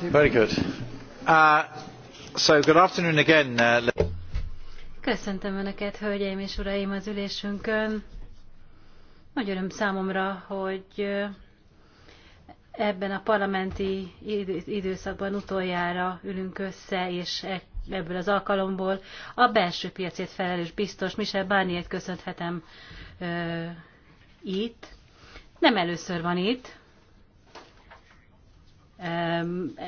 Very good. Uh, so good afternoon again. Uh... Köszöntöm Önöket, hölgyeim és uraim, az ülésünkön. Nagy öröm számomra, hogy uh, ebben a parlamenti időszakban utoljára ülünk össze, és e- ebből az alkalomból a belső piacét felelős biztos Michel Barnier-t köszönhetem uh, itt. Nem először van itt,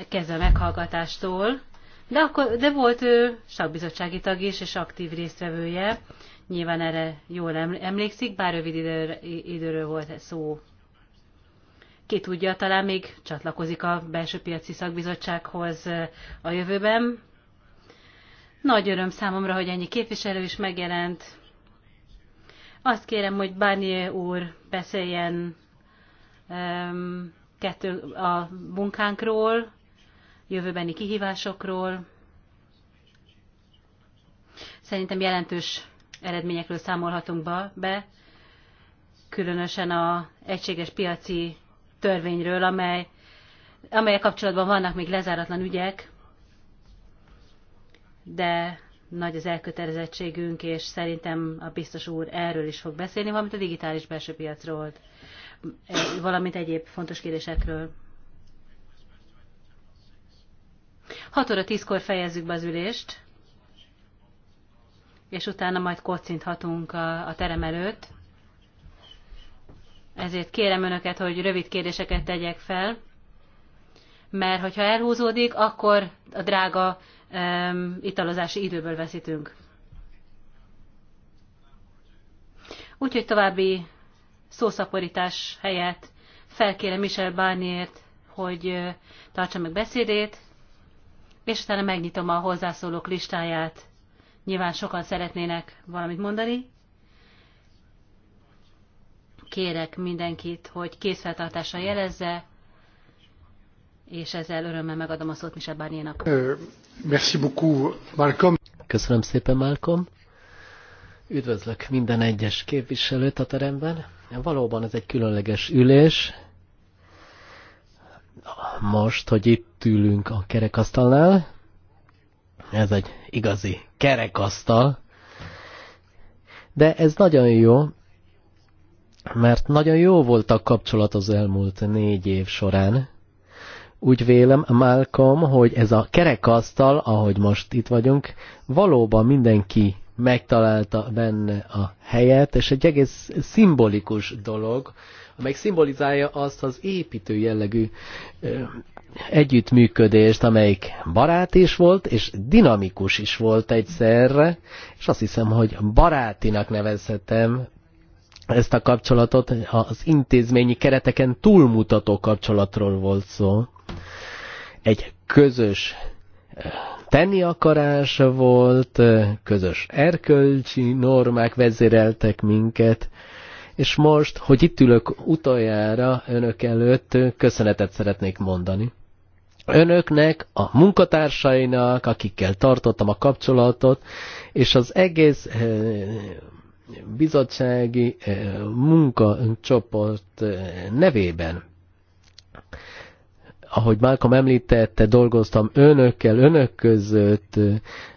kezdve meghallgatástól, de, akkor, de volt ő szakbizottsági tag is, és aktív résztvevője. Nyilván erre jól emlékszik, bár rövid időr, időről volt szó. Ki tudja, talán még csatlakozik a belső piaci szakbizottsághoz eh, a jövőben. Nagy öröm számomra, hogy ennyi képviselő is megjelent. Azt kérem, hogy Barnier úr beszéljen um, kettő, a munkánkról, jövőbeni kihívásokról. Szerintem jelentős eredményekről számolhatunk be, különösen a egységes piaci törvényről, amely, amelyek kapcsolatban vannak még lezáratlan ügyek, de nagy az elkötelezettségünk, és szerintem a biztos úr erről is fog beszélni, valamint a digitális belső piacról valamint egyéb fontos kérdésekről. 6 óra 10-kor fejezzük be az ülést, és utána majd kocinthatunk a, a terem előtt. Ezért kérem önöket, hogy rövid kérdéseket tegyek fel, mert hogyha elhúzódik, akkor a drága um, italozási időből veszítünk. Úgyhogy további szószaporítás helyett felkérem Michel Barniert, hogy tartsa meg beszédét, és utána megnyitom a hozzászólók listáját. Nyilván sokan szeretnének valamit mondani. Kérek mindenkit, hogy készfeltartással jelezze, és ezzel örömmel megadom a szót Michel Barniernak. Merci beaucoup, Malcolm. Köszönöm szépen, Malcolm. Üdvözlök minden egyes képviselőt a teremben. Valóban ez egy különleges ülés. Most, hogy itt ülünk a kerekasztalnál, ez egy igazi kerekasztal, de ez nagyon jó, mert nagyon jó volt a kapcsolat az elmúlt négy év során. Úgy vélem, Malcolm, hogy ez a kerekasztal, ahogy most itt vagyunk, valóban mindenki megtalálta benne a helyet, és egy egész szimbolikus dolog, amely szimbolizálja azt az építő jellegű ö, együttműködést, amelyik barát is volt, és dinamikus is volt egyszerre, és azt hiszem, hogy barátinak nevezhetem ezt a kapcsolatot, az intézményi kereteken túlmutató kapcsolatról volt szó. Egy közös tenni akarás volt, közös erkölcsi normák vezéreltek minket, és most, hogy itt ülök utoljára önök előtt, köszönetet szeretnék mondani. Önöknek, a munkatársainak, akikkel tartottam a kapcsolatot, és az egész eh, bizottsági eh, munkacsoport eh, nevében ahogy Malcolm említette, dolgoztam önökkel, önök között,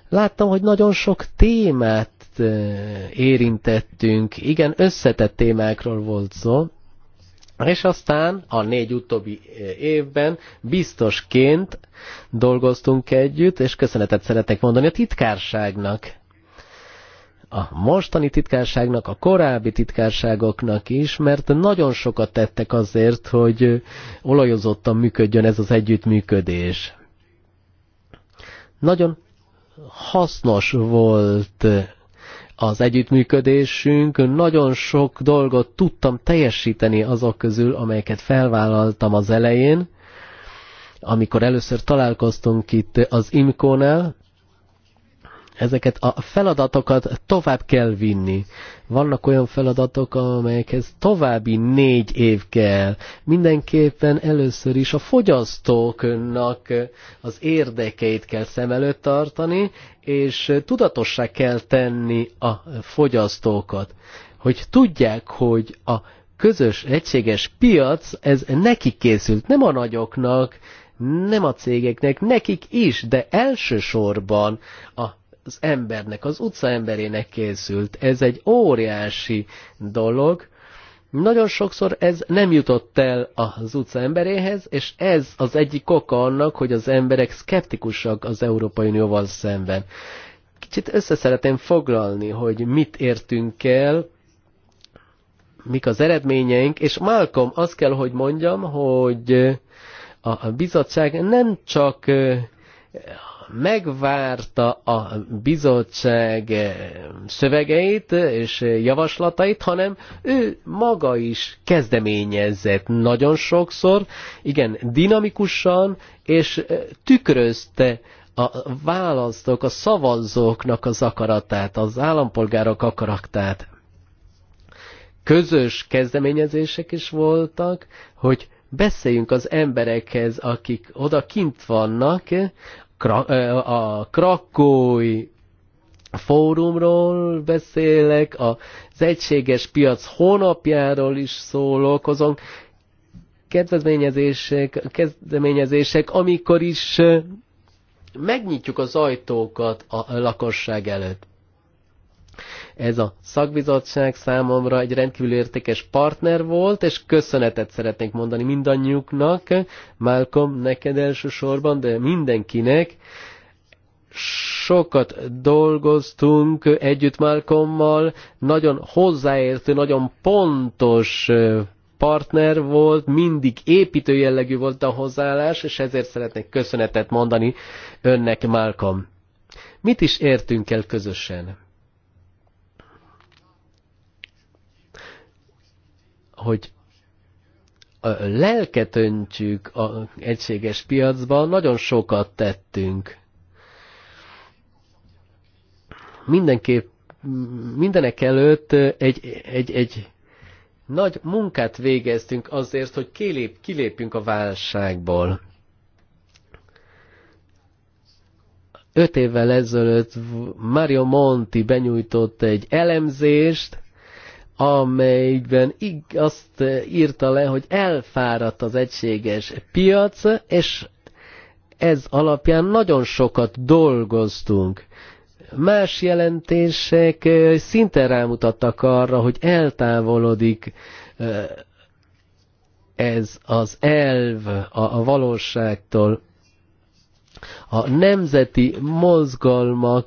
láttam, hogy nagyon sok témát eh, érintettünk, igen, összetett témákról volt szó, és aztán a négy utóbbi eh, évben biztosként dolgoztunk együtt, és köszönetet szeretek mondani a titkárságnak a mostani titkárságnak, a korábbi titkárságoknak is, mert nagyon sokat tettek azért, hogy olajozottan működjön ez az együttműködés. Nagyon hasznos volt az együttműködésünk, nagyon sok dolgot tudtam teljesíteni azok közül, amelyeket felvállaltam az elején, amikor először találkoztunk itt az IMCO-nál, ezeket a feladatokat tovább kell vinni. Vannak olyan feladatok, amelyekhez további négy év kell. Mindenképpen először is a fogyasztóknak az érdekeit kell szem előtt tartani, és tudatossá kell tenni a fogyasztókat, hogy tudják, hogy a közös, egységes piac, ez nekik készült, nem a nagyoknak, nem a cégeknek, nekik is, de elsősorban a az embernek, az utca emberének készült. Ez egy óriási dolog. Nagyon sokszor ez nem jutott el az utca emberéhez, és ez az egyik oka annak, hogy az emberek szkeptikusak az Európai Unióval szemben. Kicsit össze szeretném foglalni, hogy mit értünk el, mik az eredményeink, és Malcolm, azt kell, hogy mondjam, hogy a bizottság nem csak megvárta a bizottság eh, szövegeit és javaslatait, hanem ő maga is kezdeményezett nagyon sokszor, igen, dinamikusan, és eh, tükrözte a választók, a szavazóknak az akaratát, az állampolgárok akaratát. Közös kezdeményezések is voltak, hogy beszéljünk az emberekhez, akik oda kint vannak, a krakói fórumról beszélek, az egységes piac honapjáról is szólok, azon kedvezményezések, kezdeményezések, amikor is megnyitjuk az ajtókat a lakosság előtt. Ez a szakbizottság számomra egy rendkívül értékes partner volt, és köszönetet szeretnék mondani mindannyiuknak, Malcolm, neked elsősorban, de mindenkinek. Sokat dolgoztunk együtt Malcolmmal, nagyon hozzáértő, nagyon pontos partner volt, mindig építő jellegű volt a hozzáállás, és ezért szeretnék köszönetet mondani önnek, Malcolm. Mit is értünk el közösen? hogy a lelket öntjük a egységes piacban, nagyon sokat tettünk. Mindenképp, mindenek előtt egy, egy, egy nagy munkát végeztünk azért, hogy kilép, kilépjünk a válságból. Öt évvel ezelőtt Mario Monti benyújtott egy elemzést, amelyben azt eh, írta le, hogy elfáradt az egységes piac, és ez alapján nagyon sokat dolgoztunk. Más jelentések eh, szinte rámutattak arra, hogy eltávolodik eh, ez az elv a, valóságtól. A nemzeti mozgalmak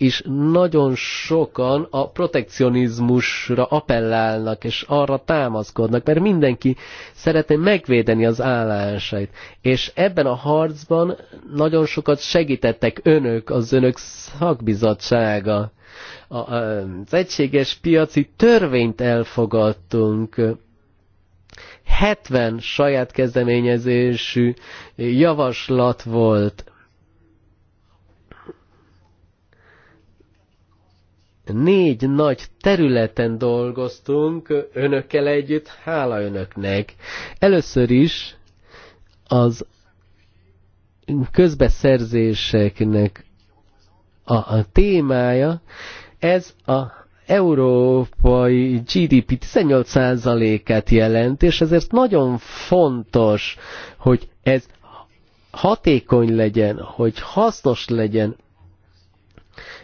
is nagyon sokan a protekcionizmusra appellálnak, és arra támaszkodnak, mert mindenki szeretné megvédeni az állásait. És ebben a harcban nagyon sokat segítettek önök, az önök szakbizottsága. Az egységes piaci törvényt elfogadtunk. 70 saját kezdeményezésű javaslat volt négy nagy területen dolgoztunk önökkel együtt, hála önöknek. Először is az közbeszerzéseknek a, a témája, ez a európai GDP 18%-át jelent, és ezért nagyon fontos, hogy ez hatékony legyen, hogy hasznos legyen.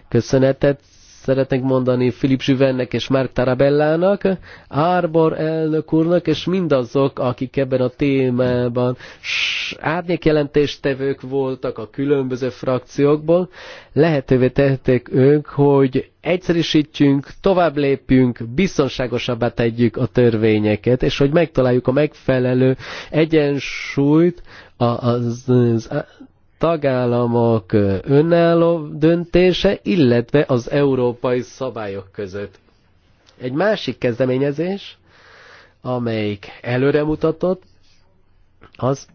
Köszönetet szeretnék mondani Philip Zsüvennek és Mark Tarabellának, Árbor elnök úrnak, és mindazok, akik ebben a témában árnyékjelentéstevők voltak a különböző frakciókból, lehetővé tették ők, hogy egyszerűsítjünk, tovább lépjünk, biztonságosabbá tegyük a törvényeket, és hogy megtaláljuk a megfelelő egyensúlyt az, az, az tagállamok önálló döntése, illetve az európai szabályok között. Egy másik kezdeményezés, amelyik előremutatott, az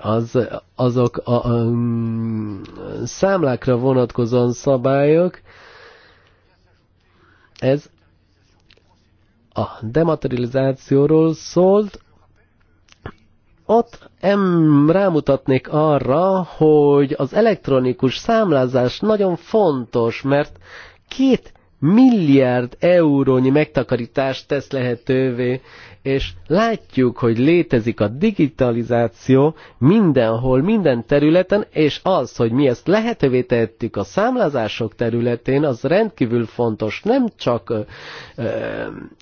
az, azok a, a, mm, számlákra vonatkozóan szabályok, ez a dematerializációról szólt, ott em, rámutatnék arra, hogy az elektronikus számlázás nagyon fontos, mert két milliárd eurónyi megtakarítást tesz lehetővé és látjuk, hogy létezik a digitalizáció mindenhol, minden területen, és az, hogy mi ezt lehetővé tettük a számlázások területén, az rendkívül fontos nem csak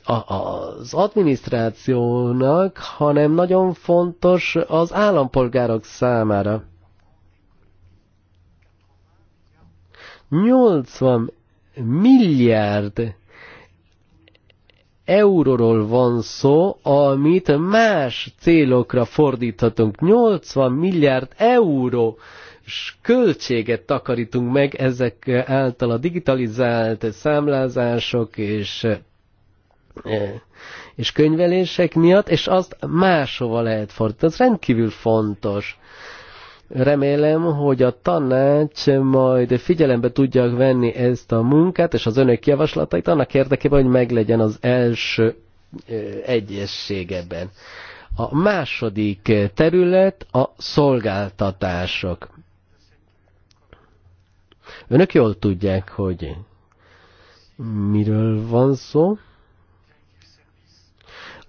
az adminisztrációnak, hanem nagyon fontos az állampolgárok számára. 80 milliárd euróról van szó, amit más célokra fordíthatunk. 80 milliárd euró költséget takarítunk meg ezek által a digitalizált számlázások és eh, és könyvelések miatt, és azt máshova lehet fordítani. Ez rendkívül fontos. Remélem, hogy a tanács majd figyelembe tudják venni ezt a munkát és az önök javaslatait annak érdekében, hogy meglegyen az első egyesség ebben. A második terület a szolgáltatások. Önök jól tudják, hogy miről van szó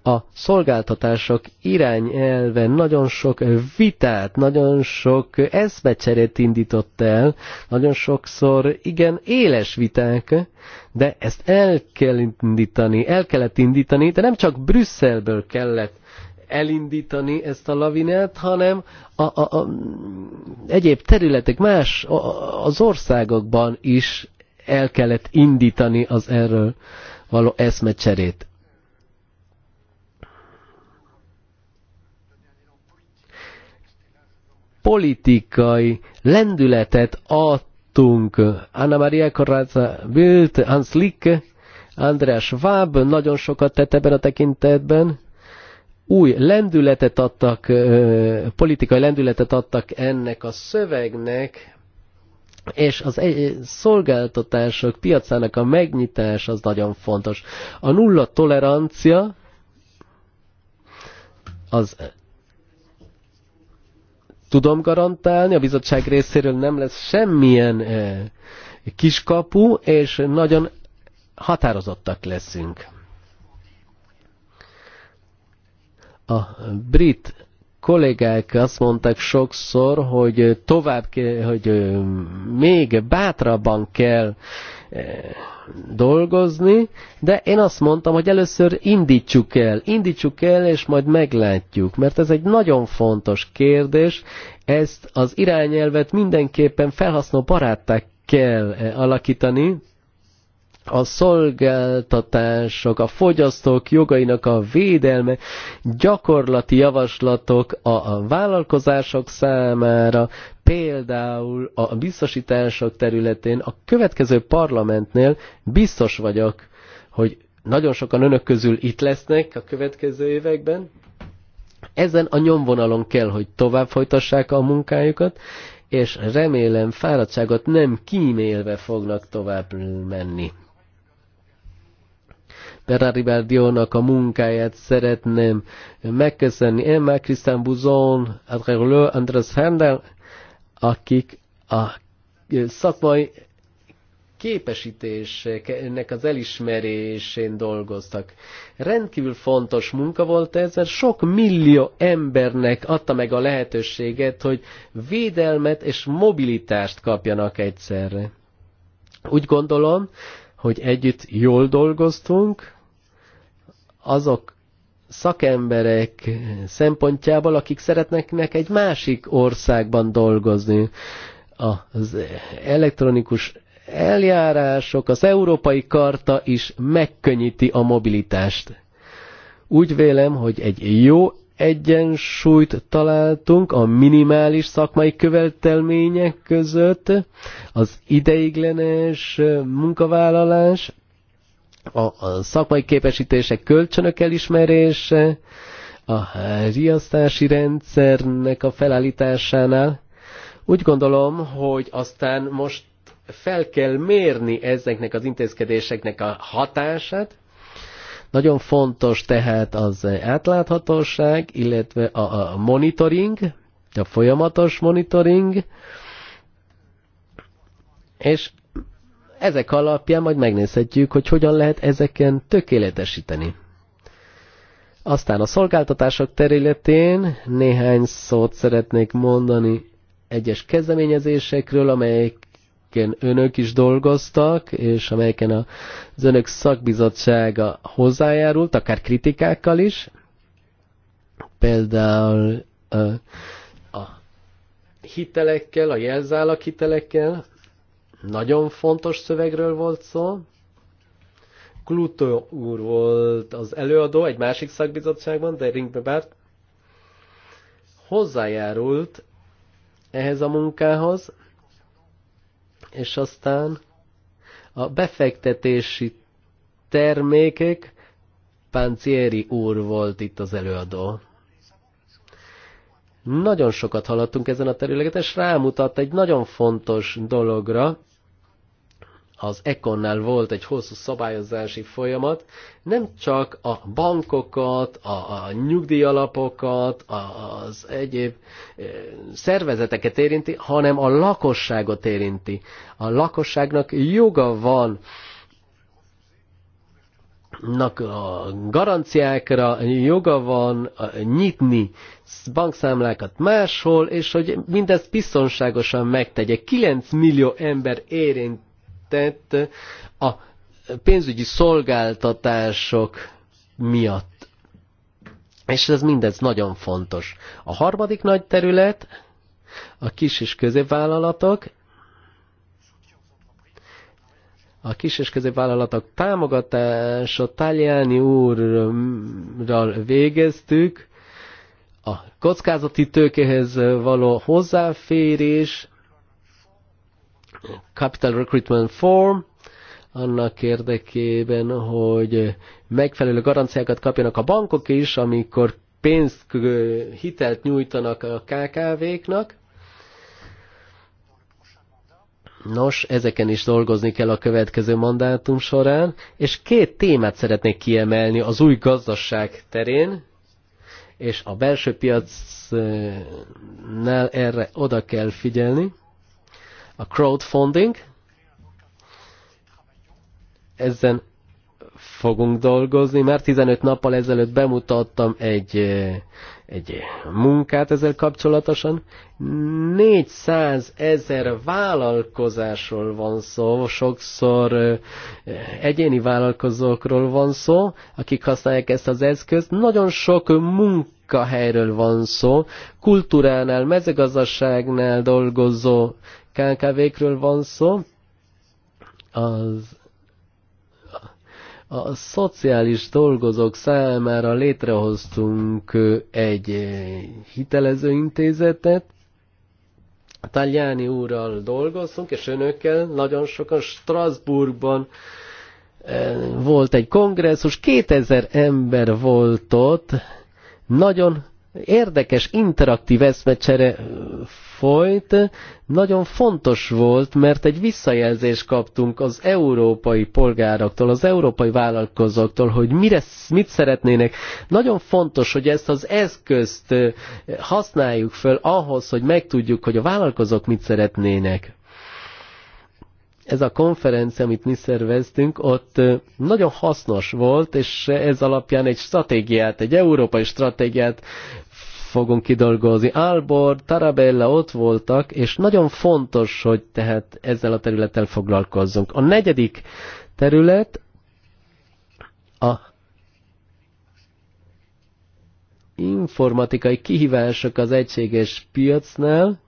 a szolgáltatások irányelve nagyon sok vitát, nagyon sok eszmecserét indított el, nagyon sokszor igen éles viták, de ezt el kell indítani, el kellett indítani, de nem csak Brüsszelből kellett elindítani ezt a lavinát, hanem a, a, a egyéb területek más a, az országokban is el kellett indítani az erről való eszmecserét. politikai lendületet adtunk. Anna Maria Corazza Bild, Hans Lick, András Schwab nagyon sokat tett ebben a tekintetben. Új lendületet adtak, politikai lendületet adtak ennek a szövegnek, és az egy szolgáltatások piacának a megnyitás az nagyon fontos. A nulla tolerancia az tudom garantálni, a bizottság részéről nem lesz semmilyen eh, kiskapu, és nagyon határozottak leszünk. A brit kollégák azt mondták sokszor, hogy tovább, hogy még bátrabban kell dolgozni, de én azt mondtam, hogy először indítsuk el, indítsuk el, és majd meglátjuk, mert ez egy nagyon fontos kérdés, ezt az irányelvet mindenképpen felhasznó barátták kell eh, alakítani, a szolgáltatások, a fogyasztók jogainak a védelme, gyakorlati javaslatok a, vállalkozások számára, például a biztosítások területén a következő parlamentnél biztos vagyok, hogy nagyon sokan önök közül itt lesznek a következő években. Ezen a nyomvonalon kell, hogy tovább folytassák a munkájukat, és remélem fáradtságot nem kímélve fognak tovább menni. Ferrari Bardionak a munkáját szeretném megköszönni Emma, Christian Buzon, André Andrés Handel akik a szakmai képesítésnek az elismerésén dolgoztak. Rendkívül fontos munka volt ez, mert sok millió embernek adta meg a lehetőséget, hogy védelmet és mobilitást kapjanak egyszerre. Úgy gondolom, hogy együtt jól dolgoztunk, azok szakemberek szempontjából, akik szeretnek egy másik országban dolgozni. Az elektronikus eljárások, az európai karta is megkönnyíti a mobilitást. Úgy vélem, hogy egy jó egyensúlyt találtunk a minimális szakmai követelmények között, az ideiglenes munkavállalás a, a szakmai képesítések kölcsönök elismerése, a riasztási rendszernek a felállításánál. Úgy gondolom, hogy aztán most fel kell mérni ezeknek az intézkedéseknek a hatását. Nagyon fontos tehát az átláthatóság, illetve a, a monitoring, a folyamatos monitoring, és ezek alapján majd megnézhetjük, hogy hogyan lehet ezeken tökéletesíteni. Aztán a szolgáltatások területén néhány szót szeretnék mondani egyes kezdeményezésekről, amelyeken önök is dolgoztak, és amelyeken az önök szakbizottsága hozzájárult, akár kritikákkal is. Például a hitelekkel, a jelzálak hitelekkel, nagyon fontos szövegről volt szó. Kluto úr volt az előadó egy másik szakbizottságban, de Ringbebert hozzájárult ehhez a munkához, és aztán a befektetési termékek Páncieri úr volt itt az előadó. Nagyon sokat haladtunk ezen a területen, és rámutat egy nagyon fontos dologra, az Econnál volt egy hosszú szabályozási folyamat, nem csak a bankokat, a, a nyugdíjalapokat, a, az egyéb eh, szervezeteket érinti, hanem a lakosságot érinti. A lakosságnak joga van a garanciákra joga van nyitni bankszámlákat máshol, és hogy mindezt biztonságosan megtegye. 9 millió ember érint tett a pénzügyi szolgáltatások miatt. És ez mindez nagyon fontos. A harmadik nagy terület a kis és középvállalatok, a kis és középvállalatok támogatása Taliani úrral végeztük, a kockázati tőkehez való hozzáférés, Capital Recruitment Form, annak érdekében, hogy megfelelő garanciákat kapjanak a bankok is, amikor pénzt, hitelt nyújtanak a KKV-knak. Nos, ezeken is dolgozni kell a következő mandátum során, és két témát szeretnék kiemelni az új gazdaság terén, és a belső piacnál erre oda kell figyelni a crowdfunding. Ezen fogunk dolgozni. mert 15 nappal ezelőtt bemutattam egy, eh, egy munkát ezzel kapcsolatosan. 400 ezer vállalkozásról van szó, sokszor eh, egyéni vállalkozókról van szó, akik használják ezt az eszközt. Nagyon sok munkahelyről van szó, kultúránál, mezőgazdaságnál dolgozó KKV-kről van szó, az a szociális dolgozók számára létrehoztunk egy hitelező intézetet, Taljáni úrral dolgoztunk, és önökkel nagyon sokan Strasbourgban volt egy kongresszus, 2000 ember volt ott, nagyon érdekes, interaktív eszmecsere folyt, nagyon fontos volt, mert egy visszajelzést kaptunk az európai polgároktól, az európai vállalkozóktól, hogy mire, mit szeretnének. Nagyon fontos, hogy ezt az eszközt használjuk föl ahhoz, hogy megtudjuk, hogy a vállalkozók mit szeretnének ez a konferencia, amit mi szerveztünk, ott nagyon hasznos volt, és ez alapján egy stratégiát, egy európai stratégiát fogunk kidolgozni. Albor, Tarabella ott voltak, és nagyon fontos, hogy tehát ezzel a területtel foglalkozzunk. A negyedik terület a informatikai kihívások az egységes piacnál.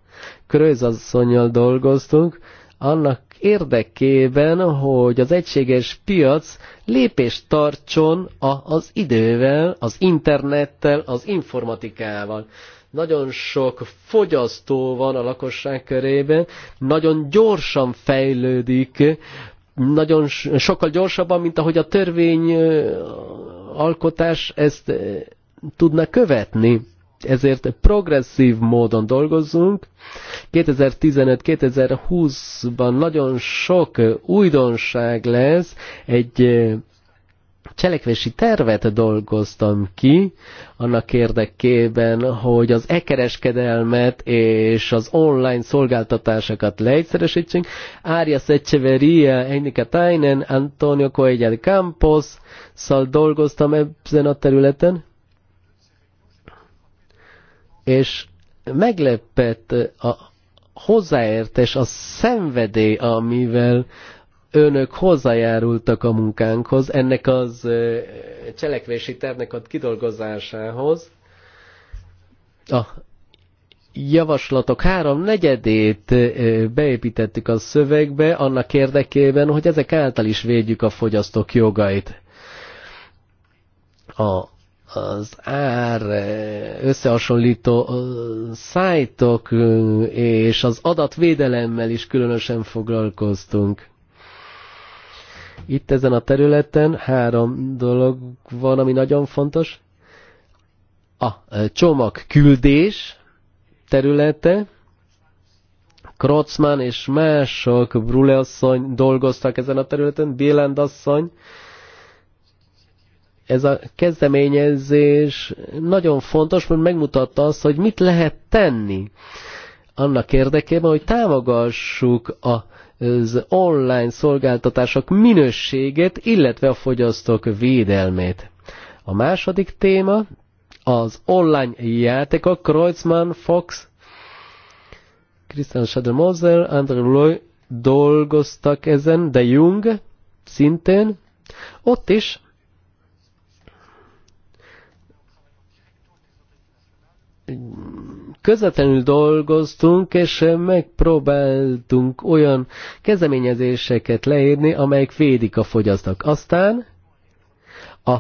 Krőz asszonynal dolgoztunk, annak érdekében, hogy az egységes piac lépést tartson az idővel, az internettel, az informatikával nagyon sok fogyasztó van a lakosság körében, nagyon gyorsan fejlődik, nagyon sokkal gyorsabban, mint ahogy a törvény alkotás ezt tudna követni ezért progresszív módon dolgozzunk. 2015-2020-ban nagyon sok újdonság lesz, egy cselekvési tervet dolgoztam ki annak érdekében, hogy az e-kereskedelmet és az online szolgáltatásokat leegyszeresítsünk. Ária Szecseveria, Enika Tainen, Antonio Coelho Campos, szal dolgoztam ezen a területen és meglepett a hozzáértés, a szenvedély, amivel önök hozzájárultak a munkánkhoz, ennek az cselekvési tervnek a kidolgozásához. A javaslatok három negyedét beépítettük a szövegbe annak érdekében, hogy ezek által is védjük a fogyasztók jogait. A az ár eh, összehasonlító eh, szájtok eh, és az adatvédelemmel is különösen foglalkoztunk. Itt ezen a területen három dolog van, ami nagyon fontos. A csomagküldés területe, Krocman és mások, Bruleasszony dolgoztak ezen a területen, Bélendasszony, asszony, ez a kezdeményezés nagyon fontos, mert megmutatta azt, hogy mit lehet tenni annak érdekében, hogy támogassuk a az online szolgáltatások minőségét, illetve a fogyasztók védelmét. A második téma az online játékok Kreuzmann, Fox, Christian Schadermoser, Andrew Loy dolgoztak ezen, de Jung szintén. Ott is közvetlenül dolgoztunk, és megpróbáltunk olyan kezdeményezéseket leírni, amelyek védik a fogyasztók. Aztán a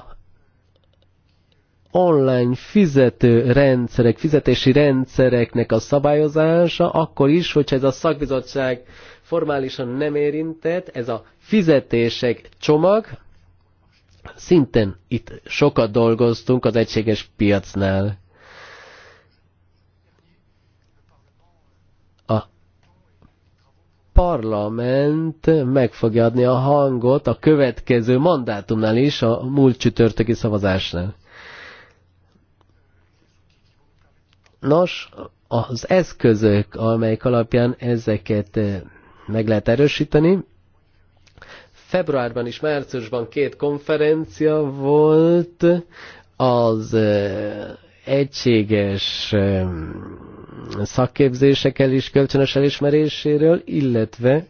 online fizető rendszerek, fizetési rendszereknek a szabályozása, akkor is, hogyha ez a szakbizottság formálisan nem érintett, ez a fizetések csomag, szinten itt sokat dolgoztunk az egységes piacnál. parlament meg fogja adni a hangot a következő mandátumnál is, a múlt csütörtöki szavazásnál. Nos, az eszközök, amelyek alapján ezeket eh, meg lehet erősíteni. Februárban és márciusban két konferencia volt, az eh, egységes eh, szakképzésekkel is kölcsönös elismeréséről, illetve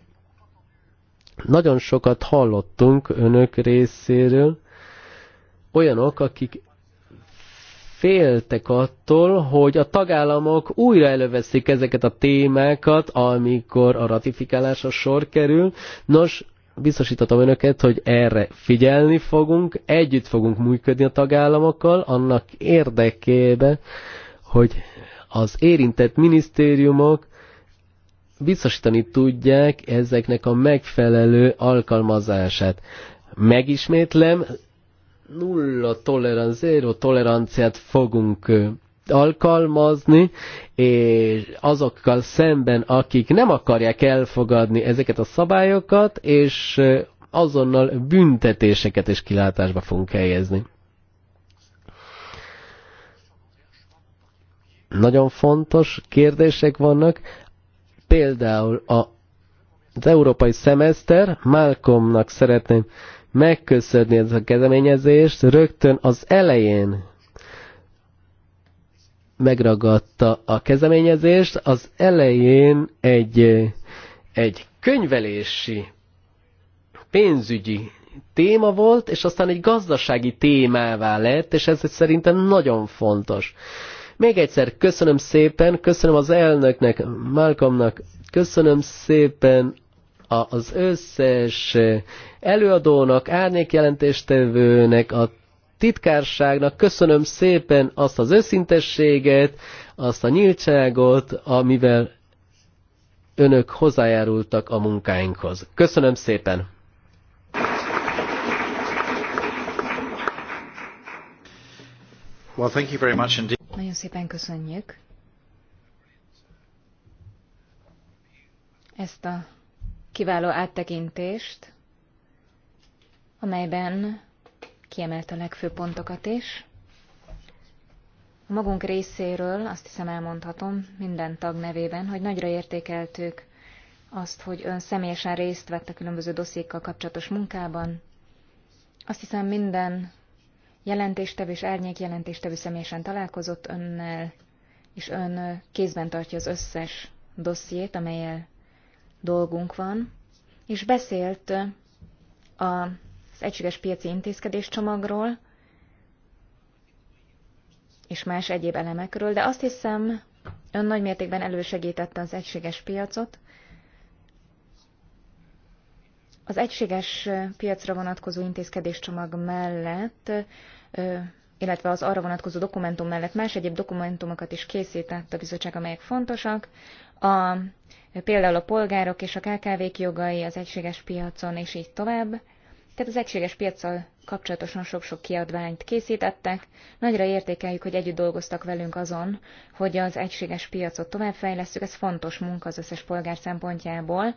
nagyon sokat hallottunk önök részéről, olyanok, akik féltek attól, hogy a tagállamok újra előveszik ezeket a témákat, amikor a ratifikálásra sor kerül. Nos, biztosítatom önöket, hogy erre figyelni fogunk, együtt fogunk működni a tagállamokkal, annak érdekében, hogy az érintett minisztériumok biztosítani tudják ezeknek a megfelelő alkalmazását. Megismétlem, nulla tolerancia, zéro toleranciát fogunk alkalmazni, és azokkal szemben, akik nem akarják elfogadni ezeket a szabályokat, és azonnal büntetéseket és kilátásba fogunk helyezni. nagyon fontos kérdések vannak, például a, az európai szemeszter, Malcolmnak szeretném megköszönni ezt a kezdeményezést, rögtön az elején megragadta a kezdeményezést, az elején egy, egy könyvelési, pénzügyi téma volt, és aztán egy gazdasági témává lett, és ez szerintem nagyon fontos. Még egyszer köszönöm szépen, köszönöm az elnöknek, Malcolmnak, köszönöm szépen az összes előadónak, árnyékjelentéstevőnek, a titkárságnak köszönöm szépen azt az őszintességet, azt a nyíltságot, amivel önök hozzájárultak a munkáinkhoz. Köszönöm szépen! Well, thank you very much indeed. Nagyon szépen köszönjük. Ezt a kiváló áttekintést, amelyben kiemelt a legfőbb pontokat is. A magunk részéről azt hiszem elmondhatom minden tag nevében, hogy nagyra értékeltük azt, hogy ön személyesen részt vett a különböző dossziékkal kapcsolatos munkában. Azt hiszem minden jelentéstevő és árnyék jelentéstevő személyesen találkozott önnel, és ön kézben tartja az összes dossziét, amelyel dolgunk van, és beszélt az egységes piaci intézkedés csomagról, és más egyéb elemekről, de azt hiszem, ön nagymértékben elősegítette az egységes piacot, az egységes piacra vonatkozó intézkedéscsomag mellett, illetve az arra vonatkozó dokumentum mellett más egyéb dokumentumokat is készített a bizottság, amelyek fontosak. A, például a polgárok és a KKV-k jogai az egységes piacon, és így tovább. Tehát az egységes piaccal kapcsolatosan sok-sok kiadványt készítettek. Nagyra értékeljük, hogy együtt dolgoztak velünk azon, hogy az egységes piacot továbbfejlesztjük. Ez fontos munka az összes polgár szempontjából,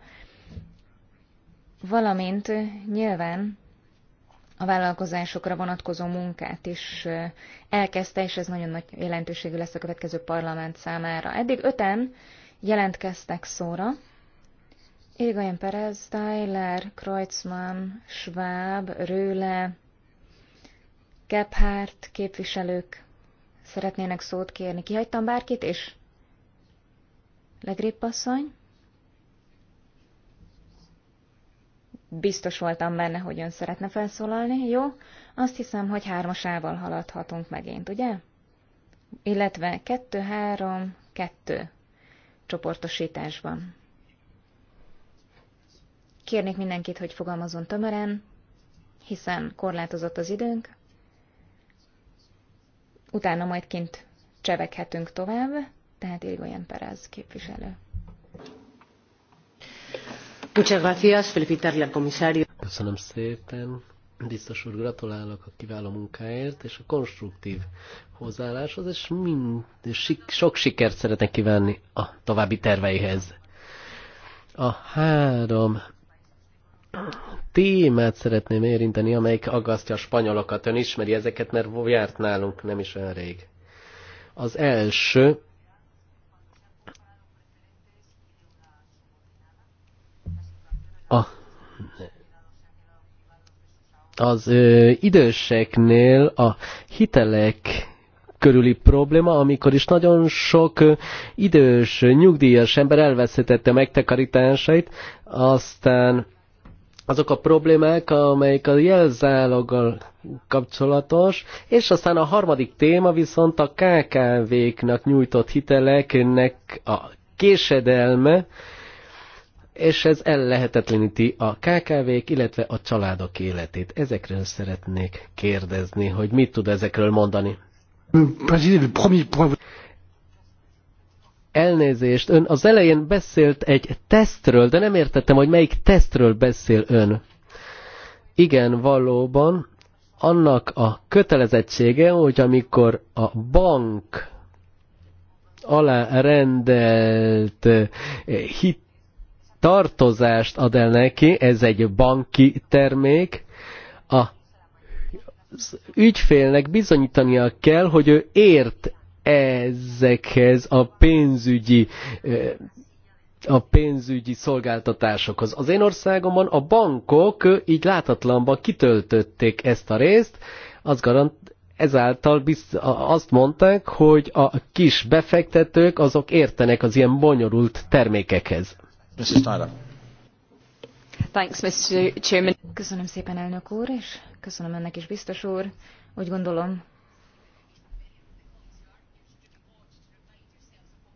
valamint nyilván a vállalkozásokra vonatkozó munkát is elkezdte, és ez nagyon nagy jelentőségű lesz a következő parlament számára. Eddig öten jelentkeztek szóra. Irigoyen Perez, Tyler, Kreutzmann, Schwab, Rőle, Gebhardt képviselők szeretnének szót kérni. Kihagytam bárkit és Legrépp asszony? biztos voltam benne, hogy ön szeretne felszólalni, jó? Azt hiszem, hogy hármasával haladhatunk megint, ugye? Illetve kettő, három, kettő csoportosításban. Kérnék mindenkit, hogy fogalmazon tömören, hiszen korlátozott az időnk. Utána majd kint cseveghetünk tovább, tehát Irigoyen Perez képviselő. Köszönöm szépen. Biztos úr, gratulálok a kiváló munkáért és a konstruktív hozzáálláshoz, és, mind, és sok sikert szeretnék kívánni a további terveihez. A három témát szeretném érinteni, amelyik aggasztja a spanyolokat. Ön ismeri ezeket, mert járt nálunk nem is olyan rég. Az első a, az ö, időseknél a hitelek körüli probléma, amikor is nagyon sok idős, nyugdíjas ember elveszítette megtakarításait, aztán azok a problémák, amelyek a jelzáloggal kapcsolatos, és aztán a harmadik téma viszont a KKV-knak nyújtott hiteleknek a késedelme, és ez ellehetetleníti a KKV-k, illetve a családok életét. Ezekről szeretnék kérdezni, hogy mit tud ezekről mondani. Elnézést, ön az elején beszélt egy tesztről, de nem értettem, hogy melyik tesztről beszél ön. Igen, valóban, annak a kötelezettsége, hogy amikor a bank alárendelt eh, hit tartozást ad el neki, ez egy banki termék, a az ügyfélnek bizonyítania kell, hogy ő ért ezekhez a pénzügyi eh, a pénzügyi szolgáltatásokhoz. Az én országomban a bankok így láthatlanban kitöltötték ezt a részt, az garant, ezáltal bizt, azt mondták, hogy a kis befektetők azok értenek az ilyen bonyolult termékekhez. Köszönöm szépen, elnök úr, és köszönöm ennek is, biztos úr. Úgy gondolom,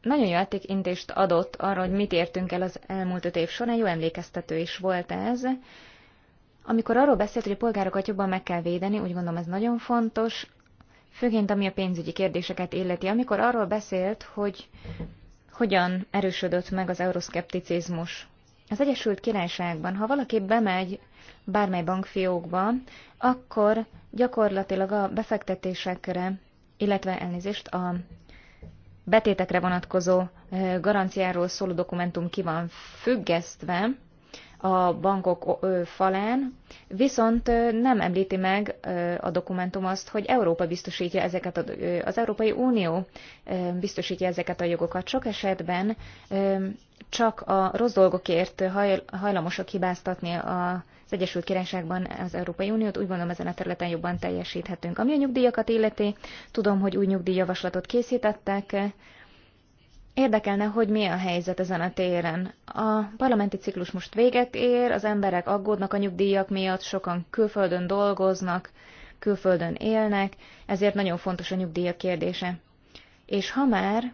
nagyon jó áttekintést adott arra, hogy mit értünk el az elmúlt öt év során, jó emlékeztető is volt ez. Amikor arról beszélt, hogy a polgárokat jobban meg kell védeni, úgy gondolom ez nagyon fontos, főként ami a pénzügyi kérdéseket illeti. Amikor arról beszélt, hogy hogyan erősödött meg az euroszkepticizmus. Az Egyesült Királyságban, ha valaki bemegy bármely bankfiókba, akkor gyakorlatilag a befektetésekre, illetve elnézést a betétekre vonatkozó garanciáról szóló dokumentum ki van függesztve, a bankok falán, viszont nem említi meg a dokumentum azt, hogy Európa biztosítja ezeket, a, az Európai Unió biztosítja ezeket a jogokat. Sok esetben csak a rossz dolgokért hajlamosak hibáztatni a az Egyesült Királyságban az Európai Uniót, úgy gondolom ezen a területen jobban teljesíthetünk. Ami a nyugdíjakat illeti, tudom, hogy új nyugdíjjavaslatot készítettek, Érdekelne, hogy mi a helyzet ezen a téren. A parlamenti ciklus most véget ér, az emberek aggódnak a nyugdíjak miatt, sokan külföldön dolgoznak, külföldön élnek, ezért nagyon fontos a nyugdíjak kérdése. És ha már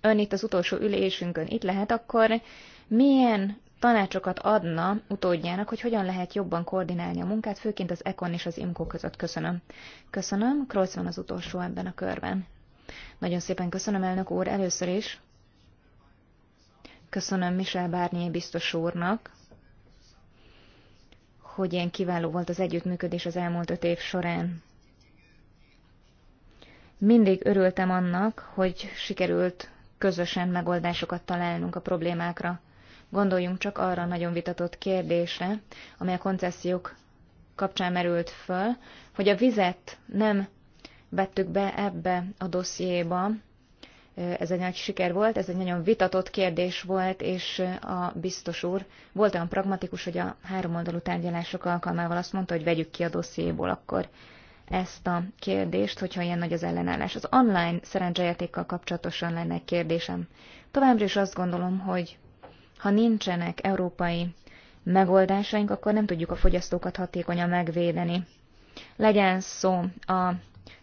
ön itt az utolsó ülésünkön itt lehet, akkor milyen tanácsokat adna utódjának, hogy hogyan lehet jobban koordinálni a munkát, főként az ECON és az IMCO között. Köszönöm. Köszönöm, Krolc van az utolsó ebben a körben. Nagyon szépen köszönöm, elnök úr, először is. Köszönöm Michel Bárnyé biztos úrnak, hogy ilyen kiváló volt az együttműködés az elmúlt öt év során. Mindig örültem annak, hogy sikerült közösen megoldásokat találnunk a problémákra. Gondoljunk csak arra a nagyon vitatott kérdésre, amely a koncesziók kapcsán merült föl, hogy a vizet nem vettük be ebbe a dossziéba. Ez egy nagy siker volt, ez egy nagyon vitatott kérdés volt, és a biztos úr volt olyan pragmatikus, hogy a háromoldalú tárgyalások alkalmával azt mondta, hogy vegyük ki a dossziéból akkor ezt a kérdést, hogyha ilyen nagy az ellenállás. Az online szerencsejátékkal kapcsolatosan lenne egy kérdésem. Továbbra is azt gondolom, hogy ha nincsenek európai megoldásaink, akkor nem tudjuk a fogyasztókat hatékonyan megvédeni. Legyen szó a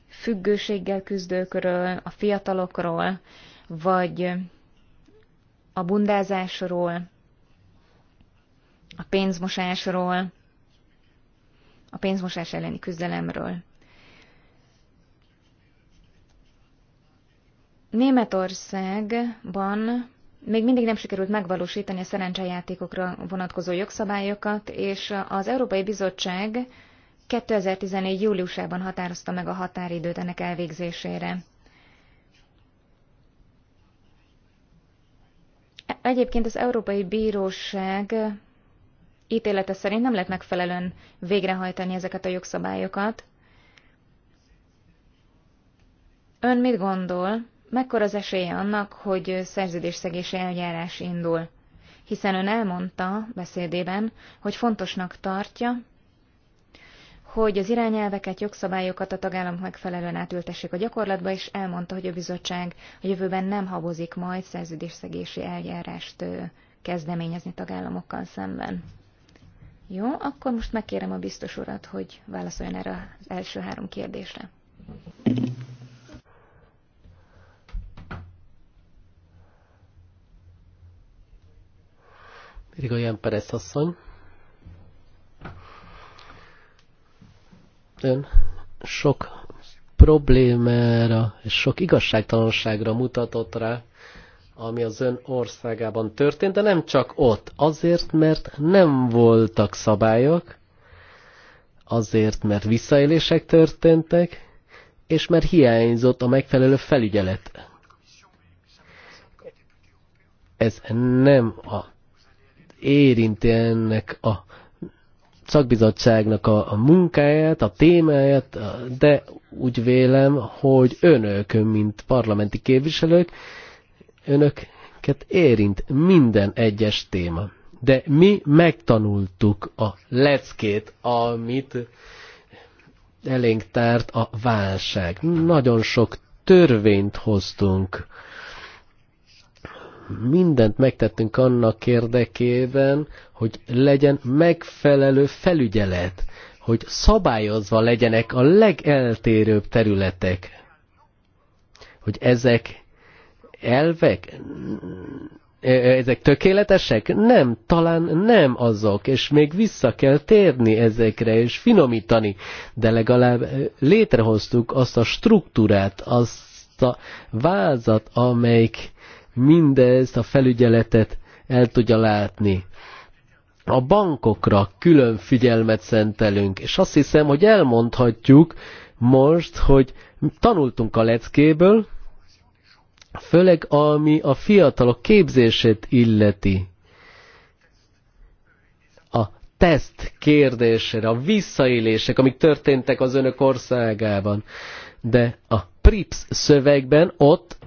függőséggel küzdőkről, a fiatalokról, vagy a bundázásról, a pénzmosásról, a pénzmosás elleni küzdelemről. Németországban még mindig nem sikerült megvalósítani a szerencsejátékokra vonatkozó jogszabályokat, és az Európai Bizottság 2014. júliusában határozta meg a határidőt ennek elvégzésére. Egyébként az Európai Bíróság ítélete szerint nem lehet megfelelően végrehajtani ezeket a jogszabályokat. Ön mit gondol, mekkora az esélye annak, hogy szerződésszegési eljárás indul? Hiszen ön elmondta beszédében, hogy fontosnak tartja, hogy az irányelveket, jogszabályokat a tagállamok megfelelően átültessék a gyakorlatba, és elmondta, hogy a bizottság a jövőben nem habozik majd szerződésszegési eljárást kezdeményezni tagállamokkal szemben. Jó, akkor most megkérem a biztos urat, hogy válaszoljon erre az első három kérdésre. Rigoyen Perez asszony. ön sok problémára és sok igazságtalanságra mutatott rá, ami az ön országában történt, de nem csak ott. Azért, mert nem voltak szabályok, azért, mert visszaélések történtek, és mert hiányzott a megfelelő felügyelet. Ez nem a érinti ennek a szakbizottságnak a, a munkáját, a témáját, de úgy vélem, hogy önök, mint parlamenti képviselők, önöket érint minden egyes téma. De mi megtanultuk a leckét, amit elénk tárt a válság. Nagyon sok törvényt hoztunk mindent megtettünk annak érdekében, hogy legyen megfelelő felügyelet, hogy szabályozva legyenek a legeltérőbb területek. Hogy ezek elvek, ezek tökéletesek? Nem, talán nem azok, és még vissza kell térni ezekre, és finomítani, de legalább létrehoztuk azt a struktúrát, azt a vázat, amelyik mindezt a felügyeletet el tudja látni. A bankokra külön figyelmet szentelünk, és azt hiszem, hogy elmondhatjuk most, hogy tanultunk a leckéből, főleg ami a fiatalok képzését illeti. A teszt kérdésére, a visszaélések, amik történtek az önök országában. De a PRIPS szövegben ott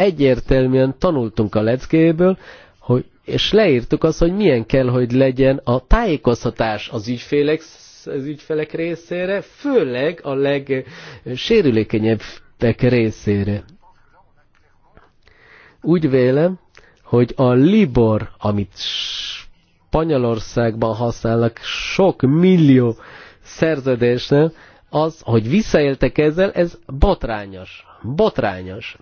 egyértelműen tanultunk a leckéből, hogy, és leírtuk azt, hogy milyen kell, hogy legyen a tájékoztatás az ügyfélek, az ügyfelek részére, főleg a legsérülékenyebbek részére. Úgy vélem, hogy a Libor, amit Spanyolországban használnak sok millió szerződésnél, az, hogy visszaéltek ezzel, ez botrányos. Botrányos.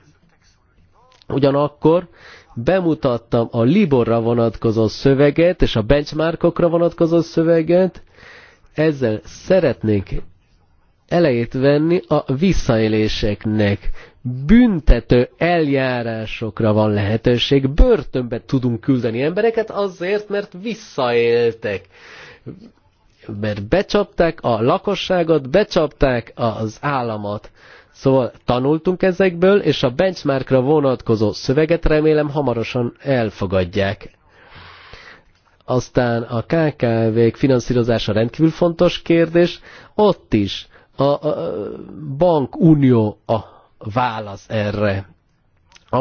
Ugyanakkor bemutattam a Liborra vonatkozó szöveget és a benchmarkokra vonatkozó szöveget, ezzel szeretnék elejét venni a visszaéléseknek. Büntető eljárásokra van lehetőség, börtönbe tudunk küldeni embereket azért, mert visszaéltek. Mert becsapták a lakosságot, becsapták az államot. Szóval tanultunk ezekből, és a benchmarkra vonatkozó szöveget remélem hamarosan elfogadják. Aztán a KKV-k finanszírozása rendkívül fontos kérdés. Ott is a, a bankunió a válasz erre. A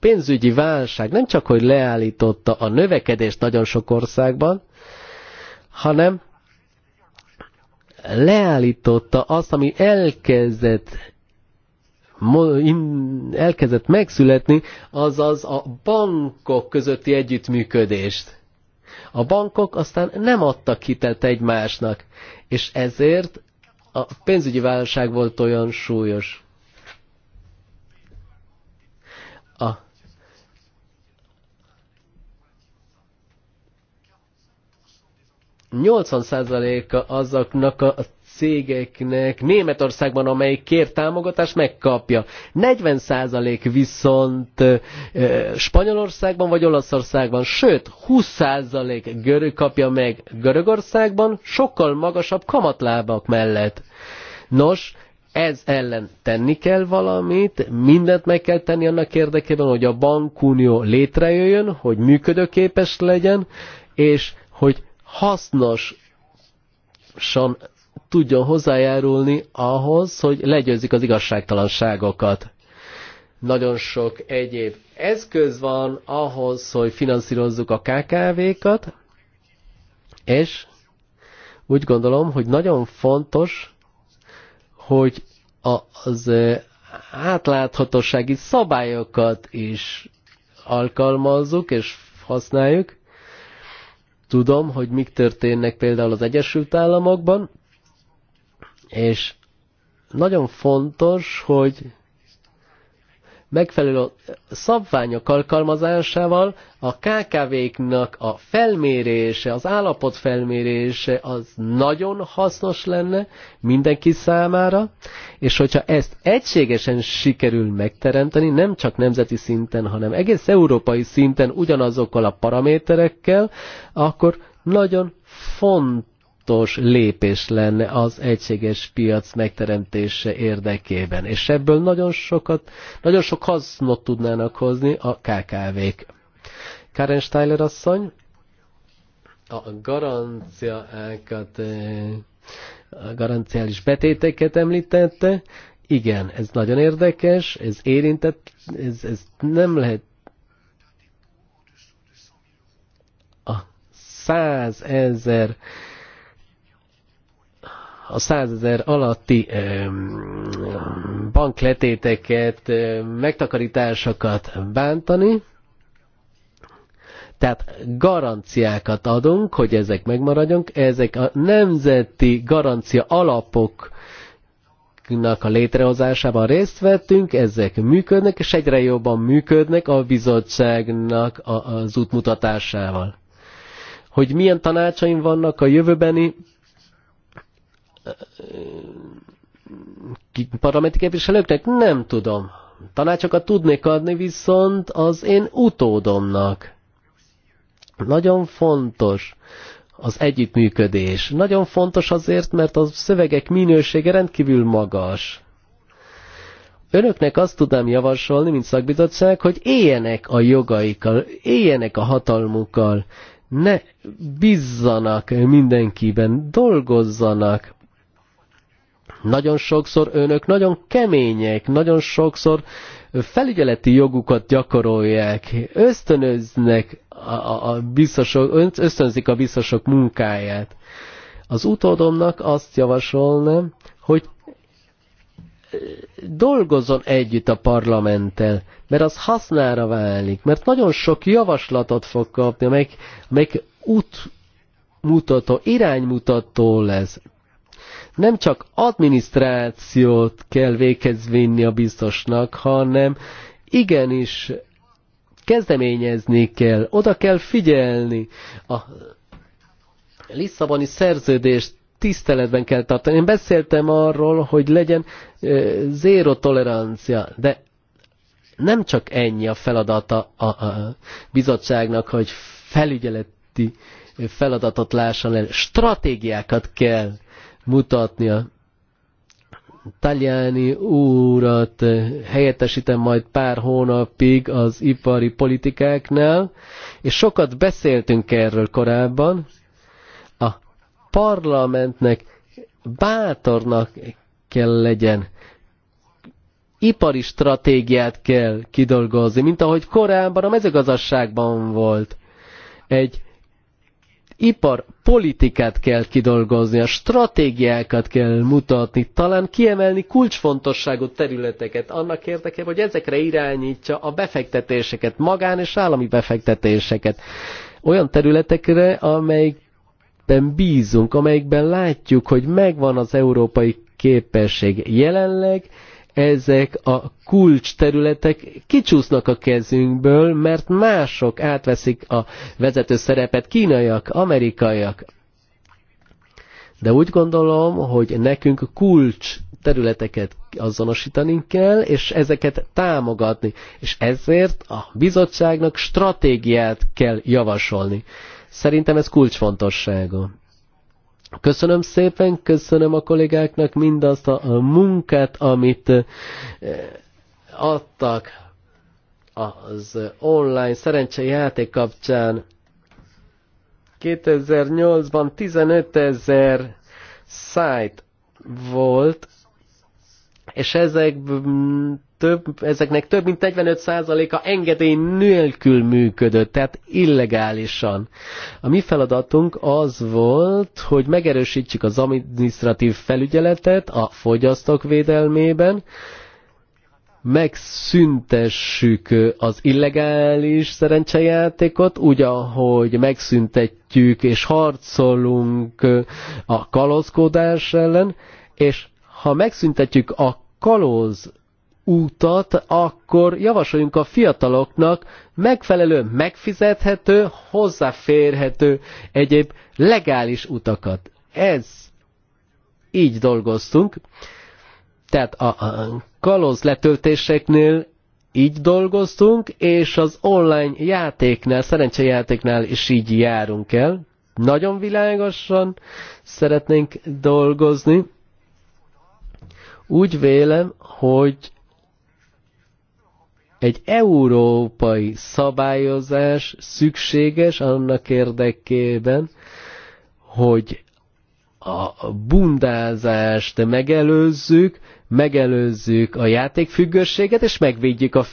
pénzügyi válság nem csak, hogy leállította a növekedést nagyon sok országban, hanem leállította azt, ami elkezdett elkezdett megszületni, azaz a bankok közötti együttműködést. A bankok aztán nem adtak hitelt egymásnak, és ezért a pénzügyi válság volt olyan súlyos. A százaléka azoknak a cégeknek Németországban, amelyik kér támogatást, megkapja. 40% viszont Spanyolországban vagy Olaszországban, sőt 20% görög kapja meg Görögországban, sokkal magasabb kamatlábak mellett. Nos, ez ellen tenni kell valamit, mindent meg kell tenni annak érdekében, hogy a bankunió létrejöjjön, hogy működőképes legyen, és hogy hasznosan tudjon hozzájárulni ahhoz, hogy legyőzik az igazságtalanságokat. Nagyon sok egyéb eszköz van ahhoz, hogy finanszírozzuk a KKV-kat, és úgy gondolom, hogy nagyon fontos, hogy az átláthatósági szabályokat is alkalmazzuk és használjuk. Tudom, hogy mik történnek például az Egyesült Államokban, és nagyon fontos, hogy megfelelő szabványok alkalmazásával a KKV-knak a felmérése, az állapot felmérése az nagyon hasznos lenne mindenki számára, és hogyha ezt egységesen sikerül megteremteni, nem csak nemzeti szinten, hanem egész európai szinten ugyanazokkal a paraméterekkel, akkor nagyon fontos fontos lépés lenne az egységes piac megteremtése érdekében. És ebből nagyon sokat, nagyon sok hasznot tudnának hozni a KKV-k. Karen Steiler asszony, a garanciákat, eh, a garanciális betéteket említette. Igen, ez nagyon érdekes, ez érintett, ez, ez nem lehet a százezer a 100 alatti bankletéteket, megtakarításokat bántani, tehát garanciákat adunk, hogy ezek megmaradjunk. Ezek a nemzeti garancia alapok a létrehozásában részt vettünk, ezek működnek, és egyre jobban működnek a bizottságnak az útmutatásával. Hogy milyen tanácsaim vannak a jövőbeni parlamenti képviselőknek? Nem tudom. Tanácsokat tudnék adni viszont az én utódomnak. Nagyon fontos az együttműködés. Nagyon fontos azért, mert a szövegek minősége rendkívül magas. Önöknek azt tudnám javasolni, mint szakbizottság, hogy éljenek a jogaikkal, éljenek a hatalmukkal, ne bizzanak mindenkiben, dolgozzanak, nagyon sokszor önök nagyon kemények, nagyon sokszor felügyeleti jogukat gyakorolják, ösztönöznek a, a, a biztosok, ösztönzik a biztosok munkáját. Az utódomnak azt javasolnám, hogy dolgozzon együtt a parlamenttel, mert az hasznára válik, mert nagyon sok javaslatot fog kapni, amelyik, amelyik útmutató, mutató, iránymutató lesz nem csak adminisztrációt kell végezni a biztosnak, hanem igenis kezdeményezni kell, oda kell figyelni. A Lisszaboni szerződést tiszteletben kell tartani. Én beszéltem arról, hogy legyen e, zéro tolerancia, de nem csak ennyi a feladata a, a bizottságnak, hogy felügyeleti feladatot lássan el, stratégiákat kell mutatnia. Taliani úrat eh, helyettesítem majd pár hónapig az ipari politikáknál, és sokat beszéltünk erről korábban. A parlamentnek bátornak kell legyen. Ipari stratégiát kell kidolgozni, mint ahogy korábban a mezőgazdaságban volt. Egy iparpolitikát kell kidolgozni, a stratégiákat kell mutatni, talán kiemelni kulcsfontosságú területeket annak érdekében, hogy ezekre irányítsa a befektetéseket, magán és állami befektetéseket. Olyan területekre, amelyikben bízunk, amelyikben látjuk, hogy megvan az európai képesség jelenleg, ezek a kulcs területek kicsúsznak a kezünkből, mert mások átveszik a vezető szerepet, kínaiak, amerikaiak. De úgy gondolom, hogy nekünk kulcs területeket azonosítani kell, és ezeket támogatni. És ezért a bizottságnak stratégiát kell javasolni. Szerintem ez kulcsfontosságú. Köszönöm szépen, köszönöm a kollégáknak mindazt a munkát, amit eh, adtak az online szerencsejáték kapcsán. 2008-ban 15 ezer szájt volt, és ezek több, ezeknek több mint 45%-a engedély nélkül működött, tehát illegálisan. A mi feladatunk az volt, hogy megerősítsük az administratív felügyeletet a fogyasztók védelmében, megszüntessük az illegális szerencsejátékot, úgy, ahogy megszüntetjük és harcolunk a kalózkodás ellen, és ha megszüntetjük a kalóz útat, akkor javasoljunk a fiataloknak megfelelő, megfizethető, hozzáférhető egyéb legális utakat. Ez így dolgoztunk. Tehát a kalóz letöltéseknél így dolgoztunk, és az online játéknál, szerencsejátéknál is így járunk el. Nagyon világosan szeretnénk dolgozni. Úgy vélem, hogy egy európai szabályozás szükséges annak érdekében, hogy a bundázást megelőzzük, megelőzzük a játékfüggőséget, és megvédjük a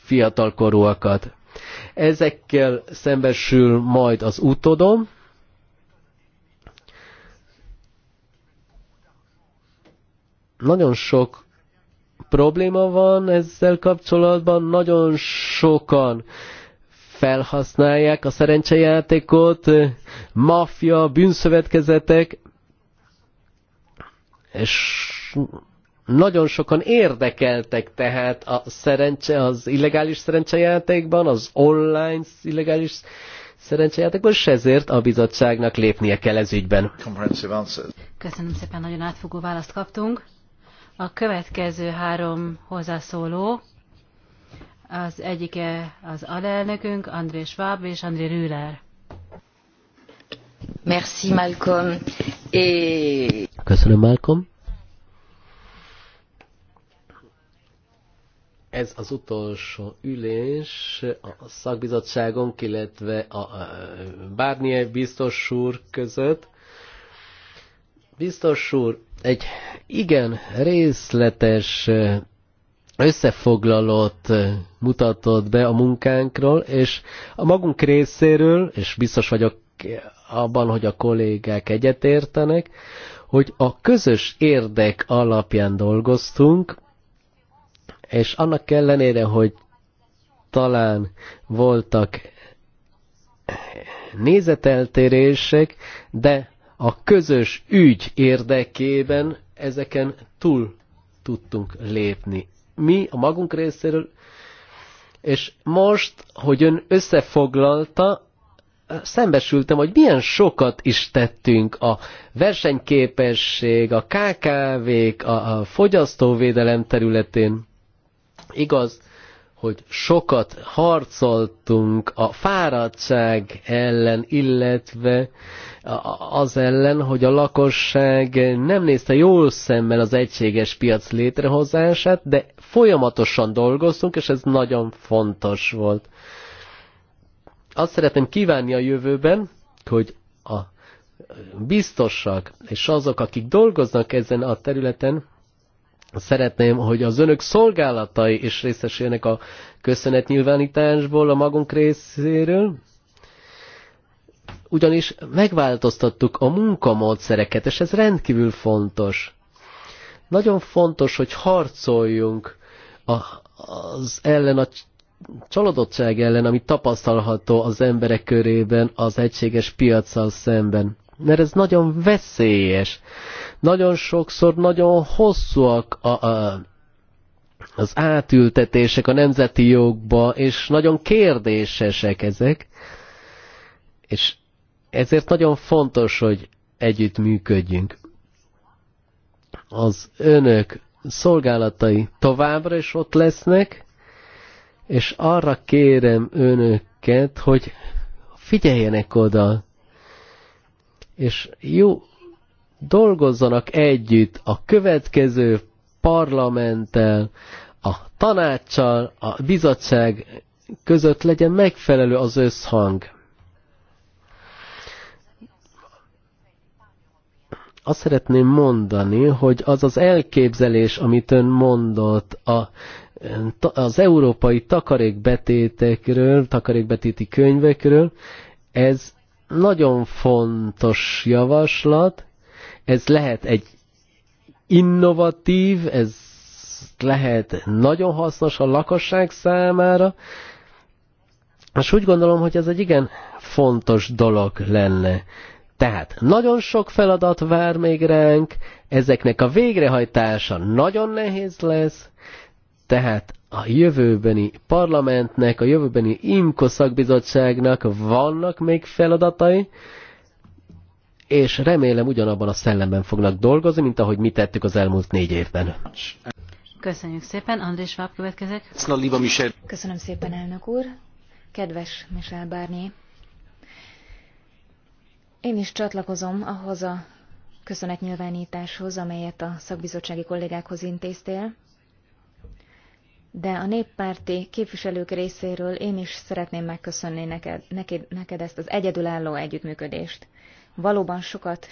fiatalkorúakat. Ezekkel szembesül majd az utodom. nagyon sok probléma van ezzel kapcsolatban, nagyon sokan felhasználják a szerencsejátékot, maffia, bűnszövetkezetek, és nagyon sokan érdekeltek tehát a szerencse, az illegális szerencsejátékban, az online illegális szerencsejátékban, és ezért a bizottságnak lépnie kell ez ügyben. Köszönöm szépen, nagyon átfogó választ kaptunk. A következő három hozzászóló, az egyike az alelnökünk, André Schwab és André Rühler. Merci Malcolm. Et... Köszönöm Malcolm. Ez az utolsó ülés a szakbizottságon illetve a Barnier biztos úr között. Biztos úr, egy igen részletes összefoglalót mutatott be a munkánkról, és a magunk részéről, és biztos vagyok abban, hogy a kollégák egyetértenek, hogy a közös érdek alapján dolgoztunk, és annak ellenére, hogy talán voltak nézeteltérések, de a közös ügy érdekében ezeken túl tudtunk lépni. Mi a magunk részéről, és most, hogy ön összefoglalta, szembesültem, hogy milyen sokat is tettünk a versenyképesség, a KKV-k, a fogyasztóvédelem területén. Igaz, hogy sokat harcoltunk a fáradtság ellen, illetve az ellen, hogy a lakosság nem nézte jól szemmel az egységes piac létrehozását, de folyamatosan dolgoztunk, és ez nagyon fontos volt. Azt szeretném kívánni a jövőben, hogy a biztosak és azok, akik dolgoznak ezen a területen, szeretném, hogy az önök szolgálatai is részesüljenek a köszönetnyilvánításból a magunk részéről, ugyanis megváltoztattuk a munkamódszereket, és ez rendkívül fontos. Nagyon fontos, hogy harcoljunk a, az ellen a csalódottság ellen, ami tapasztalható az emberek körében az egységes piacsal szemben. Mert ez nagyon veszélyes. Nagyon sokszor nagyon hosszúak a, a, az átültetések a nemzeti jogba, és nagyon kérdésesek ezek. És ezért nagyon fontos, hogy együtt működjünk. Az önök szolgálatai továbbra is ott lesznek, és arra kérem önöket, hogy figyeljenek oda, és jó, dolgozzanak együtt a következő parlamenttel, a tanácssal, a bizottság között legyen megfelelő az összhang. azt szeretném mondani, hogy az az elképzelés, amit ön mondott a, az európai takarékbetétekről, takarékbetéti könyvekről, ez nagyon fontos javaslat, ez lehet egy innovatív, ez lehet nagyon hasznos a lakosság számára, és úgy gondolom, hogy ez egy igen fontos dolog lenne. Tehát nagyon sok feladat vár még ránk, ezeknek a végrehajtása nagyon nehéz lesz, tehát a jövőbeni parlamentnek, a jövőbeni IMKO szakbizottságnak vannak még feladatai, és remélem ugyanabban a szellemben fognak dolgozni, mint ahogy mi tettük az elmúlt négy évben. Köszönjük szépen, András Schwab következik. Köszönöm szépen, elnök úr. Kedves Michel Barnier, én is csatlakozom ahhoz a köszönetnyilvánításhoz, amelyet a szakbizottsági kollégákhoz intéztél, de a néppárti képviselők részéről én is szeretném megköszönni neked, neked, neked ezt az egyedülálló együttműködést. Valóban sokat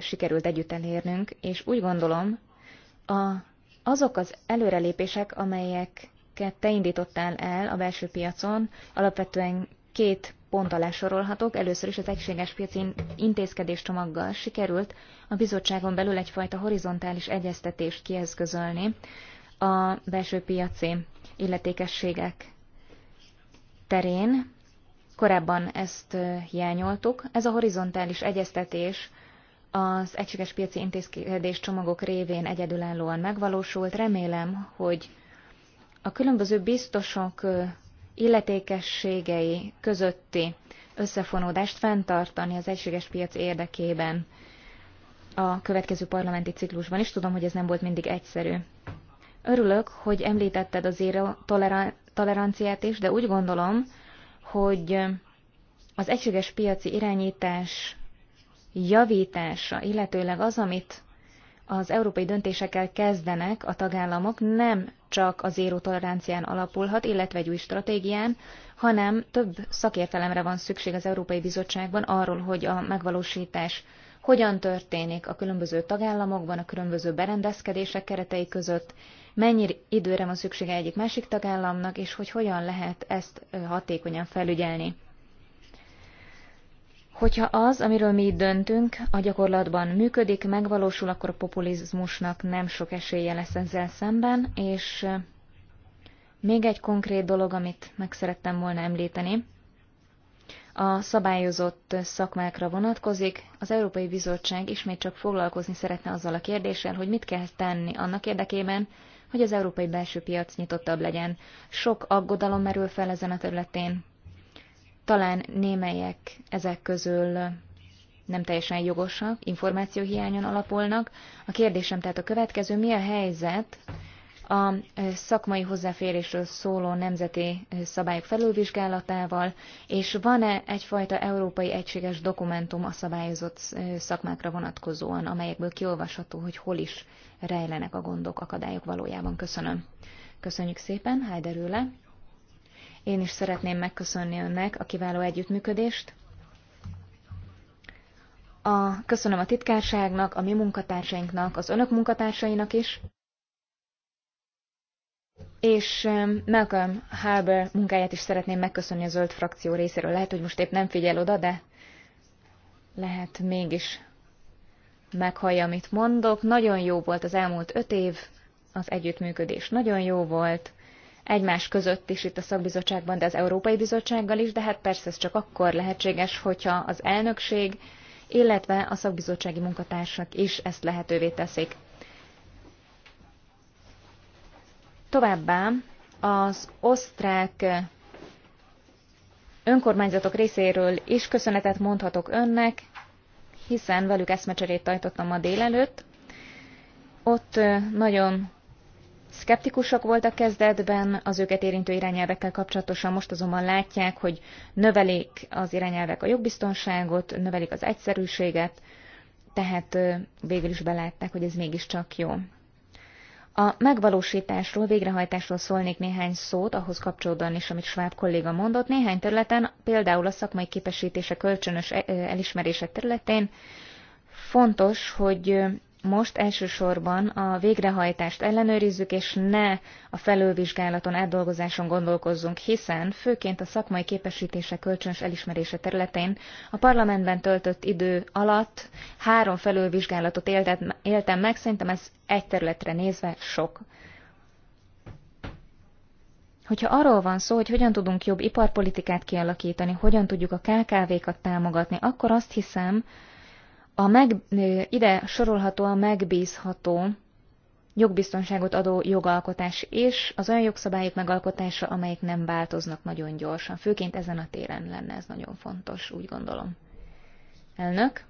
sikerült együtt elérnünk, és úgy gondolom, a, azok az előrelépések, amelyeket te indítottál el a belső piacon, alapvetően két pont alá sorolhatók. Először is az egységes piaci intézkedéscsomaggal sikerült a bizottságon belül egyfajta horizontális egyeztetést kieszközölni a belső piaci illetékességek terén. Korábban ezt hiányoltuk. Ez a horizontális egyeztetés az egységes piaci intézkedés csomagok révén egyedülállóan megvalósult. Remélem, hogy a különböző biztosok illetékességei közötti összefonódást fenntartani az egységes piac érdekében a következő parlamenti ciklusban is. Tudom, hogy ez nem volt mindig egyszerű. Örülök, hogy említetted az zéro toleranciát is, de úgy gondolom, hogy az egységes piaci irányítás javítása, illetőleg az, amit az európai döntésekkel kezdenek a tagállamok, nem csak az éró tolerancián alapulhat, illetve egy új stratégián, hanem több szakértelemre van szükség az Európai Bizottságban arról, hogy a megvalósítás hogyan történik a különböző tagállamokban, a különböző berendezkedések keretei között, mennyi időre van szüksége egyik másik tagállamnak, és hogy hogyan lehet ezt hatékonyan felügyelni. Hogyha az, amiről mi itt döntünk, a gyakorlatban működik, megvalósul, akkor a populizmusnak nem sok esélye lesz ezzel szemben, és még egy konkrét dolog, amit meg szerettem volna említeni, a szabályozott szakmákra vonatkozik. Az Európai Bizottság ismét csak foglalkozni szeretne azzal a kérdéssel, hogy mit kell tenni annak érdekében, hogy az európai belső piac nyitottabb legyen. Sok aggodalom merül fel ezen a területén. Talán némelyek ezek közül nem teljesen jogosak, információhiányon alapulnak. A kérdésem tehát a következő, mi a helyzet a szakmai hozzáférésről szóló nemzeti szabályok felülvizsgálatával, és van-e egyfajta európai egységes dokumentum a szabályozott szakmákra vonatkozóan, amelyekből kiolvasható, hogy hol is rejlenek a gondok, akadályok valójában. Köszönöm. Köszönjük szépen, Heider Üle. Én is szeretném megköszönni önnek a kiváló együttműködést. A, köszönöm a titkárságnak, a mi munkatársainknak, az önök munkatársainak is, és Malcolm Harbour munkáját is szeretném megköszönni a zöld frakció részéről. Lehet, hogy most épp nem figyel oda, de lehet mégis meghallja, amit mondok. Nagyon jó volt az elmúlt öt év, az együttműködés nagyon jó volt, egymás között is itt a szakbizottságban, de az Európai Bizottsággal is, de hát persze ez csak akkor lehetséges, hogyha az elnökség, illetve a szakbizottsági munkatársak is ezt lehetővé teszik. Továbbá az osztrák önkormányzatok részéről is köszönetet mondhatok önnek, hiszen velük eszmecserét tajtottam ma délelőtt. Ott nagyon Szkeptikusak voltak kezdetben az őket érintő irányelvekkel kapcsolatosan, most azonban látják, hogy növelik az irányelvek a jogbiztonságot, növelik az egyszerűséget, tehát végül is belátták, hogy ez mégiscsak jó. A megvalósításról, végrehajtásról szólnék néhány szót, ahhoz kapcsolódóan is, amit Schwab kolléga mondott. Néhány területen, például a szakmai képesítése kölcsönös elismerések területén fontos, hogy most elsősorban a végrehajtást ellenőrizzük, és ne a felülvizsgálaton, átdolgozáson gondolkozzunk, hiszen főként a szakmai képesítések kölcsönös elismerése területén a parlamentben töltött idő alatt három felülvizsgálatot éltem meg, szerintem ez egy területre nézve sok. Hogyha arról van szó, hogy hogyan tudunk jobb iparpolitikát kialakítani, hogyan tudjuk a KKV-kat támogatni, akkor azt hiszem, a meg, ide sorolható a megbízható jogbiztonságot adó jogalkotás és az olyan jogszabályok megalkotása, amelyek nem változnak nagyon gyorsan. Főként ezen a téren lenne ez nagyon fontos, úgy gondolom. Elnök?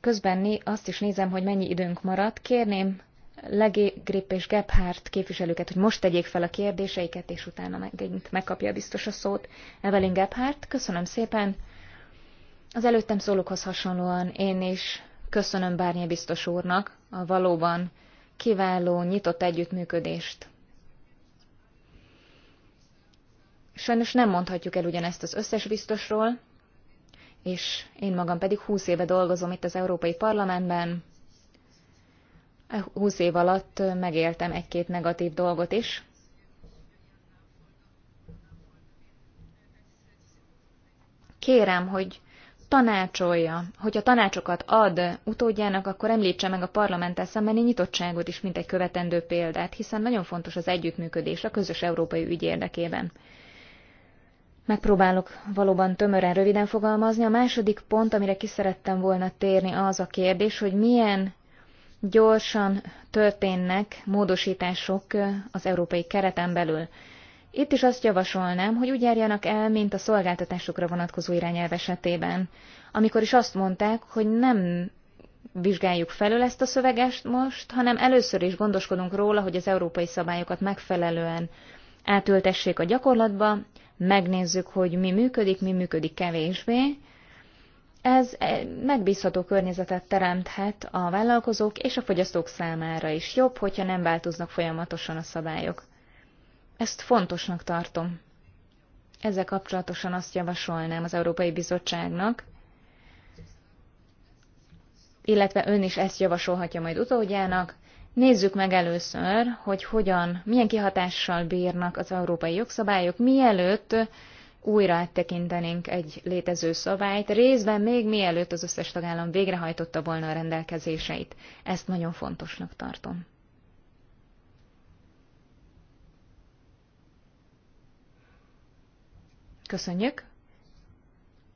Közben azt is nézem, hogy mennyi időnk maradt. Kérném Legé Grip és Gebhardt képviselőket, hogy most tegyék fel a kérdéseiket, és utána megint megkapja biztos a szót. Evelyn Gebhardt, köszönöm szépen. Az előttem szólókhoz hasonlóan én is köszönöm Bárnyi biztos úrnak a valóban kiváló, nyitott együttműködést. Sajnos nem mondhatjuk el ugyanezt az összes biztosról, és én magam pedig 20 éve dolgozom itt az Európai Parlamentben. 20 év alatt megéltem egy-két negatív dolgot is. Kérem, hogy tanácsolja, hogyha tanácsokat ad utódjának, akkor említse meg a parlamenttel szembeni nyitottságot is, mint egy követendő példát, hiszen nagyon fontos az együttműködés a közös európai ügy érdekében. Megpróbálok valóban tömören, röviden fogalmazni. A második pont, amire ki szerettem volna térni, az a kérdés, hogy milyen gyorsan történnek módosítások az európai kereten belül. Itt is azt javasolnám, hogy úgy járjanak el, mint a szolgáltatásokra vonatkozó irányelv esetében, amikor is azt mondták, hogy nem vizsgáljuk felül ezt a szövegest most, hanem először is gondoskodunk róla, hogy az európai szabályokat megfelelően átültessék a gyakorlatba, megnézzük, hogy mi működik, mi működik kevésbé. Ez e, megbízható környezetet teremthet a vállalkozók és a fogyasztók számára is. Jobb, hogyha nem változnak folyamatosan a szabályok. Ezt fontosnak tartom. Ezzel kapcsolatosan azt javasolnám az Európai Bizottságnak, illetve ön is ezt javasolhatja majd utódjának, Nézzük meg először, hogy hogyan, milyen kihatással bírnak az európai jogszabályok, mielőtt újra áttekintenénk egy létező szabályt, részben még mielőtt az összes tagállam végrehajtotta volna a rendelkezéseit. Ezt nagyon fontosnak tartom. Köszönjük.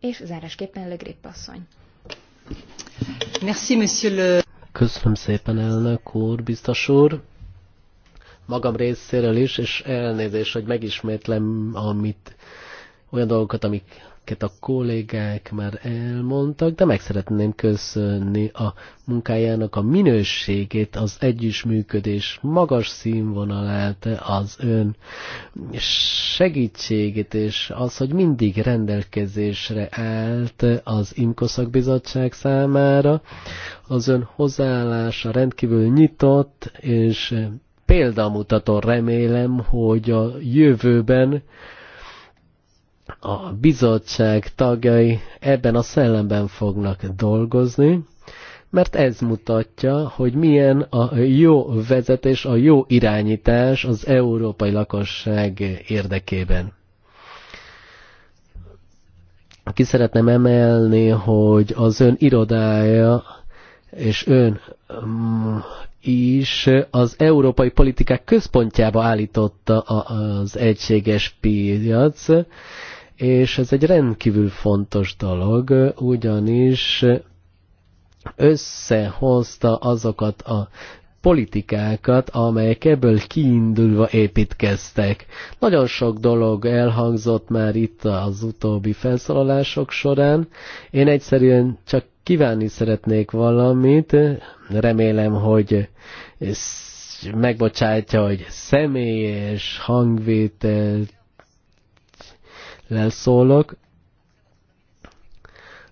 És zárásképpen Le Grip asszony. Merci, monsieur le... Köszönöm szépen, elnök úr, biztos úr magam részéről is, és elnézést, hogy megismétlem amit, olyan dolgokat, amik amiket a kollégák már elmondtak, de meg szeretném köszönni a munkájának a minőségét, az együttműködés magas színvonalát, az ön segítségét, és az, hogy mindig rendelkezésre állt az IMKO szakbizottság számára, az ön hozzáállása rendkívül nyitott, és példamutató remélem, hogy a jövőben a bizottság tagjai ebben a szellemben fognak dolgozni, mert ez mutatja, hogy milyen a jó vezetés, a jó irányítás az európai lakosság érdekében. Ki szeretném emelni, hogy az ön irodája és ön mm, is az európai politikák központjába állította az egységes piac, és ez egy rendkívül fontos dolog, ugyanis összehozta azokat a politikákat, amelyek ebből kiindulva építkeztek. Nagyon sok dolog elhangzott már itt az utóbbi felszólalások során. Én egyszerűen csak kívánni szeretnék valamit, remélem, hogy megbocsátja, hogy személyes hangvételt lel szólok,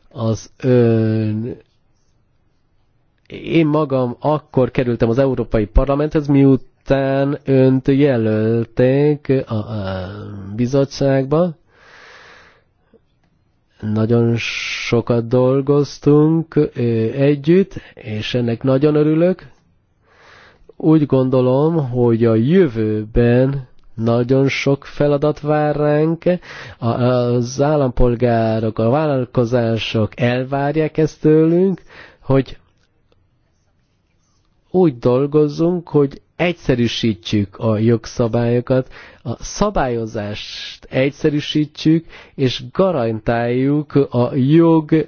az ön én magam akkor kerültem az Európai Parlamenthez, miután önt jelölték a, a bizottságba. Nagyon sokat dolgoztunk együtt, és ennek nagyon örülök. Úgy gondolom, hogy a jövőben nagyon sok feladat vár ránk, az állampolgárok, a vállalkozások elvárják ezt tőlünk, hogy úgy dolgozzunk, hogy egyszerűsítjük a jogszabályokat, a szabályozást egyszerűsítjük, és garantáljuk a jogi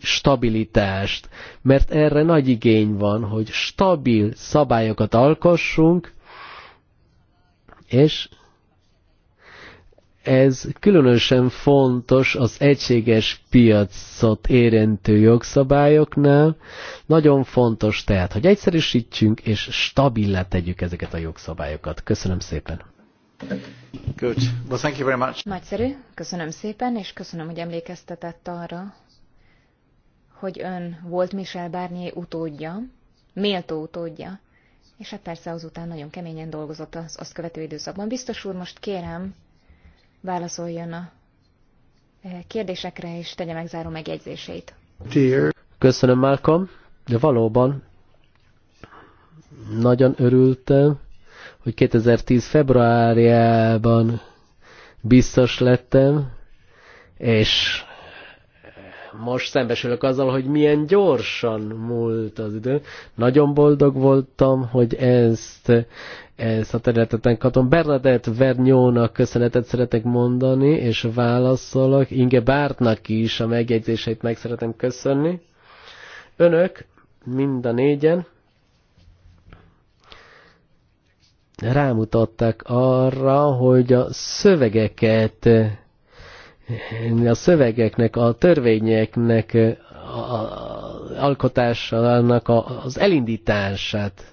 stabilitást. Mert erre nagy igény van, hogy stabil szabályokat alkossunk, és ez különösen fontos az egységes piacot érintő jogszabályoknál. Nagyon fontos tehát, hogy egyszerűsítsünk és stabilá tegyük ezeket a jogszabályokat. Köszönöm szépen! Good. Well, thank you very much. Nagyszerű, köszönöm szépen, és köszönöm, hogy emlékeztetett arra, hogy ön volt Michel Barnier utódja, méltó utódja és hát persze azután nagyon keményen dolgozott az azt követő időszakban. Biztos úr, most kérem, válaszoljon a e, kérdésekre, és tegye meg záró megjegyzéseit. Köszönöm, Malcolm. De valóban nagyon örültem, hogy 2010 februárjában biztos lettem, és most szembesülök azzal, hogy milyen gyorsan múlt az idő. Nagyon boldog voltam, hogy ezt, ezt a területet megkaptam. Bernadette Vernyónak köszönetet szeretek mondani, és válaszolok. Inge Bártnak is a megjegyzéseit meg szeretem köszönni. Önök, mind a négyen, rámutattak arra, hogy a szövegeket a szövegeknek, a törvényeknek, a alkotásának az elindítását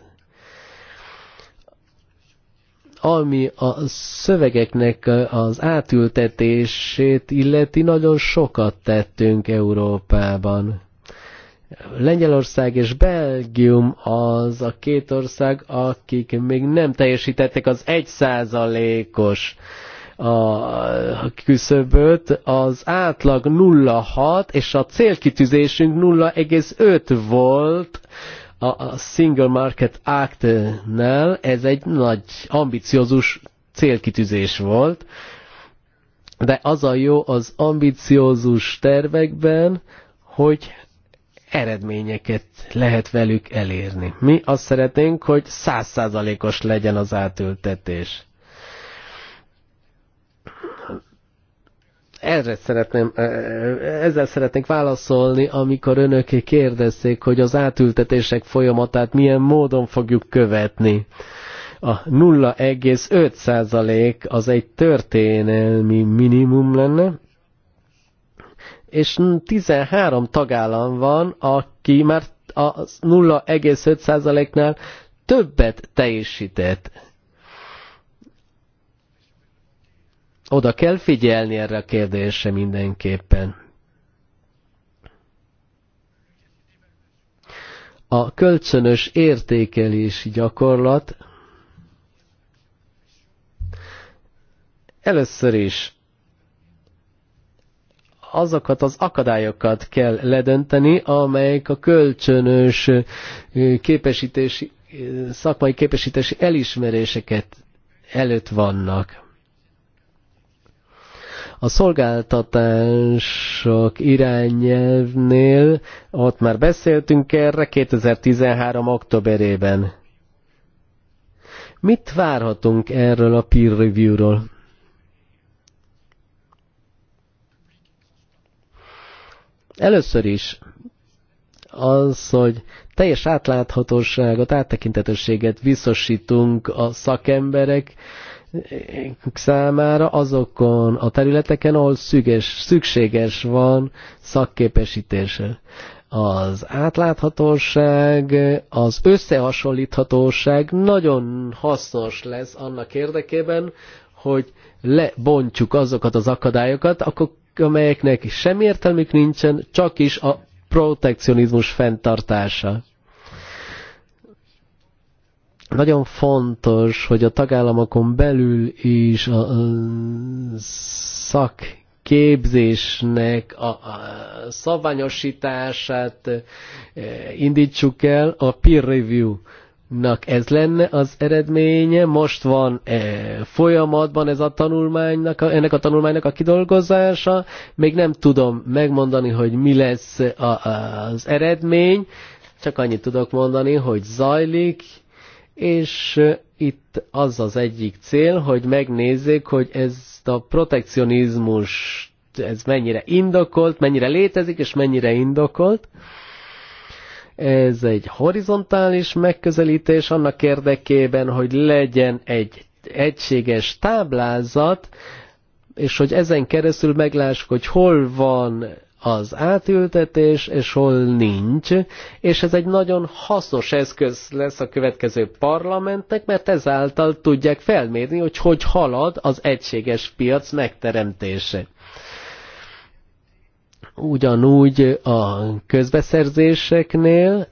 ami a szövegeknek az átültetését illeti, nagyon sokat tettünk Európában. Lengyelország és Belgium az a két ország, akik még nem teljesítettek az egy százalékos os a küszöböt, az átlag 0,6 és a célkitűzésünk 0,5 volt a Single Market Act-nál, ez egy nagy ambiciózus célkitűzés volt, de az a jó az ambiciózus tervekben, hogy eredményeket lehet velük elérni. Mi azt szeretnénk, hogy százszázalékos legyen az átültetés. erre szeretném, e, e, ezzel szeretnék válaszolni, amikor önök kérdezték, hogy az átültetések folyamatát milyen módon fogjuk követni. A 0,5% az egy történelmi minimum lenne, és 13 tagállam van, aki már a 0,5%-nál többet teljesített. Oda kell figyelni erre a kérdésre mindenképpen. A kölcsönös értékelés gyakorlat először is azokat az akadályokat kell ledönteni, amelyek a kölcsönös képesítési, szakmai képesítési elismeréseket előtt vannak. A szolgáltatások irányelvnél, ott már beszéltünk erre 2013. októberében. Mit várhatunk erről a peer review-ról? Először is az, hogy teljes átláthatóságot, áttekintetőséget biztosítunk a szakemberek számára azokon a területeken, ahol szüges, szükséges van szakképesítése. Az átláthatóság, az összehasonlíthatóság nagyon hasznos lesz annak érdekében, hogy lebontjuk azokat az akadályokat, akkor amelyeknek semmi értelmük nincsen, csak is a protekcionizmus fenntartása. Nagyon fontos, hogy a tagállamokon belül is a, a a, a szabványosítását e, indítsuk el a peer review nak ez lenne az eredménye, most van e, folyamatban ez a tanulmánynak, ennek a tanulmánynak a kidolgozása, még nem tudom megmondani, hogy mi lesz a, a, az eredmény, csak annyit tudok mondani, hogy zajlik, és itt az az egyik cél, hogy megnézzék, hogy ezt a protekcionizmus ez mennyire indokolt, mennyire létezik, és mennyire indokolt. Ez egy horizontális megközelítés annak érdekében, hogy legyen egy egységes táblázat, és hogy ezen keresztül meglássuk, hogy hol van az átültetés, és hol nincs, és ez egy nagyon hasznos eszköz lesz a következő parlamentek, mert ezáltal tudják felmérni, hogy hogy halad az egységes piac megteremtése ugyanúgy a közbeszerzéseknél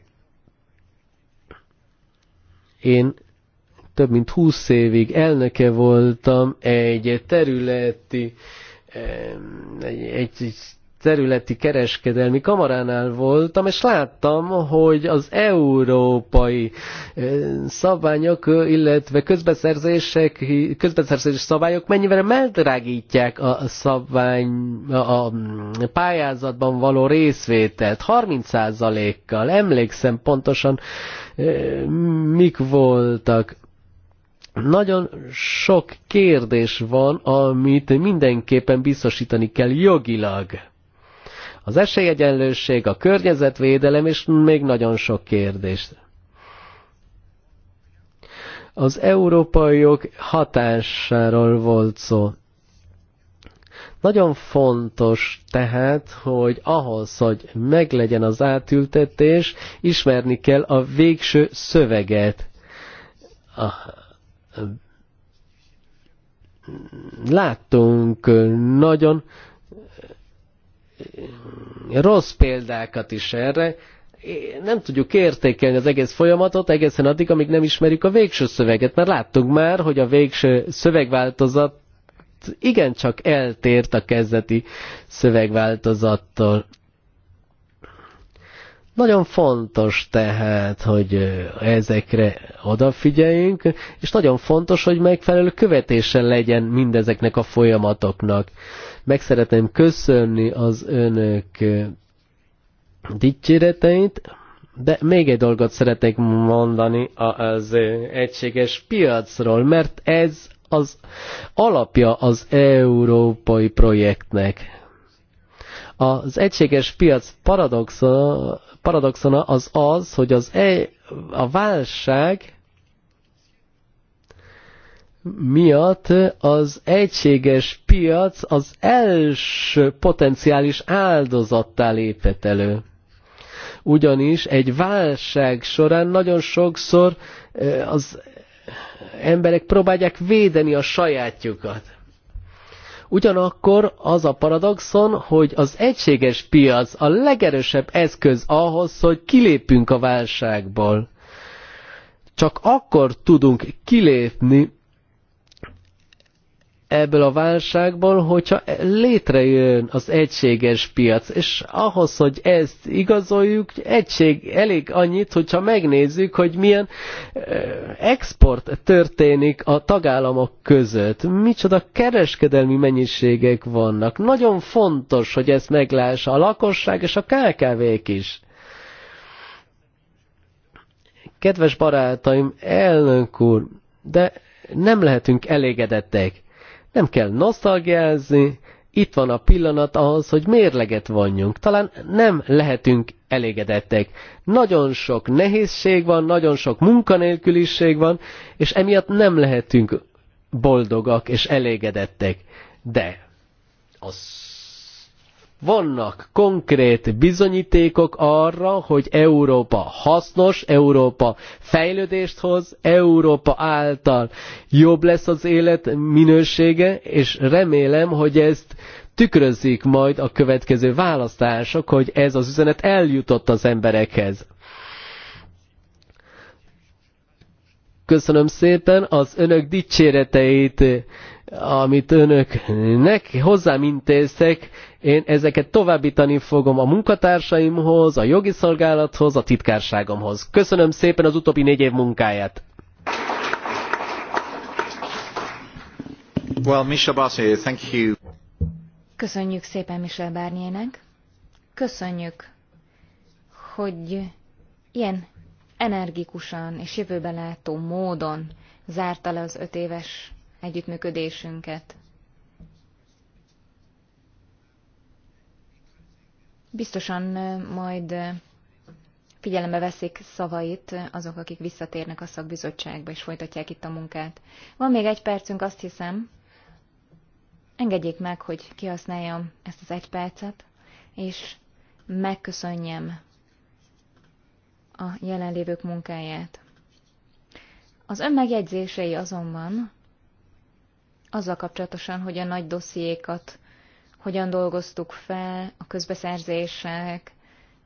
én több mint 20 évig elnöke voltam egy területi egy, egy területi kereskedelmi kamaránál voltam, és láttam, hogy az európai eh, szabályok, illetve közbeszerzések, közbeszerzés szabályok mennyivel megdrágítják a szabvány, a pályázatban való részvételt. 30%-kal, emlékszem pontosan, eh, mik voltak nagyon sok kérdés van, amit mindenképpen biztosítani kell jogilag az esélyegyenlőség, a környezetvédelem és még nagyon sok kérdés. Az európaiok hatásáról volt szó. Nagyon fontos tehát, hogy ahhoz, hogy meglegyen az átültetés, ismerni kell a végső szöveget. láttunk nagyon rossz példákat is erre, nem tudjuk értékelni az egész folyamatot egészen addig, amíg nem ismerjük a végső szöveget, mert láttuk már, hogy a végső szövegváltozat igencsak eltért a kezdeti szövegváltozattól. Nagyon fontos tehát, hogy ezekre odafigyeljünk, és nagyon fontos, hogy megfelelő követése legyen mindezeknek a folyamatoknak. Meg szeretném köszönni az önök dicséreteit, de még egy dolgot szeretnék mondani az egységes piacról, mert ez az alapja az európai projektnek. Az egységes piac paradoxona, paradoxona az az, hogy az e, a válság miatt az egységes piac az első potenciális áldozattá lépett elő. Ugyanis egy válság során nagyon sokszor az emberek próbálják védeni a sajátjukat. Ugyanakkor az a paradoxon, hogy az egységes piac a legerősebb eszköz ahhoz, hogy kilépünk a válságból. Csak akkor tudunk kilépni, ebből a válságból, hogyha létrejön az egységes piac, és ahhoz, hogy ezt igazoljuk, egység elég annyit, hogyha megnézzük, hogy milyen eh, export történik a tagállamok között, micsoda kereskedelmi mennyiségek vannak. Nagyon fontos, hogy ezt meglássa a lakosság és a KKV-k is. Kedves barátaim, elnök úr, de nem lehetünk elégedettek. Nem kell nosztalgiázni, itt van a pillanat ahhoz, hogy mérleget vonjunk. Talán nem lehetünk elégedettek. Nagyon sok nehézség van, nagyon sok munkanélküliség van, és emiatt nem lehetünk boldogak és elégedettek. De az vannak konkrét bizonyítékok arra, hogy Európa hasznos, Európa fejlődést hoz, Európa által jobb lesz az élet minősége, és remélem, hogy ezt tükrözik majd a következő választások, hogy ez az üzenet eljutott az emberekhez. Köszönöm szépen az önök dicséreteit, amit önök önöknek hozzám intéztek, én ezeket továbbítani fogom a munkatársaimhoz, a jogi szolgálathoz, a titkárságomhoz. Köszönöm szépen az utóbbi négy év munkáját. Well, Michel Barnier, thank you. Köszönjük szépen Michel Barniernek. Köszönjük, hogy ilyen energikusan és jövőbe látó módon zárta le az öt éves együttműködésünket. Biztosan majd figyelembe veszik szavait azok, akik visszatérnek a szakbizottságba, és folytatják itt a munkát. Van még egy percünk, azt hiszem. Engedjék meg, hogy kihasználjam ezt az egy percet, és megköszönjem a jelenlévők munkáját. Az ön megjegyzései azonban azzal kapcsolatosan, hogy a nagy dossziékat hogyan dolgoztuk fel a közbeszerzések,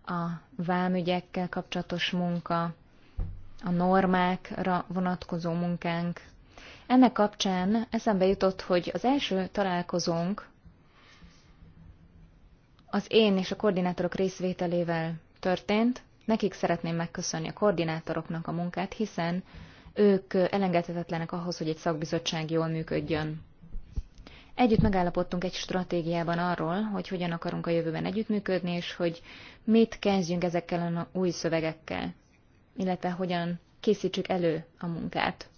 a vámügyekkel kapcsolatos munka, a normákra vonatkozó munkánk. Ennek kapcsán eszembe jutott, hogy az első találkozónk az én és a koordinátorok részvételével történt. Nekik szeretném megköszönni a koordinátoroknak a munkát, hiszen ők elengedhetetlenek ahhoz, hogy egy szakbizottság jól működjön. Együtt megállapodtunk egy stratégiában arról, hogy hogyan akarunk a jövőben együttműködni, és hogy mit kezdjünk ezekkel a új szövegekkel, illetve hogyan készítsük elő a munkát.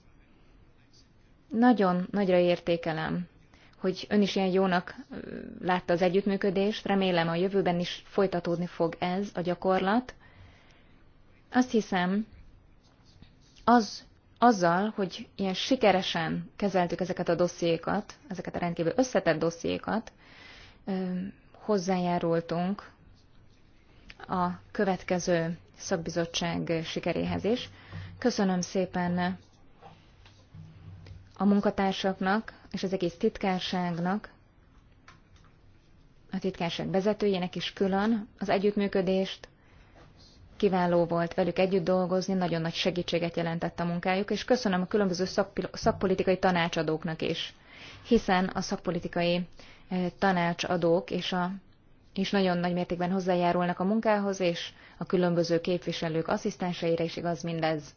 Nagyon nagyra értékelem, hogy ön is ilyen jónak látta az együttműködést, remélem a jövőben is folytatódni fog ez a gyakorlat. Azt hiszem, az azzal, hogy ilyen sikeresen kezeltük ezeket a dossziékat, ezeket a rendkívül összetett dossziékat, hozzájárultunk a következő szakbizottság sikeréhez is. Köszönöm szépen a munkatársaknak és az egész titkárságnak, a titkárság vezetőjének is külön az együttműködést, kiváló volt velük együtt dolgozni, nagyon nagy segítséget jelentett a munkájuk, és köszönöm a különböző szakpolitikai tanácsadóknak is, hiszen a szakpolitikai e, tanácsadók és a és nagyon nagy mértékben hozzájárulnak a munkához, és a különböző képviselők asszisztenseire is igaz mindez.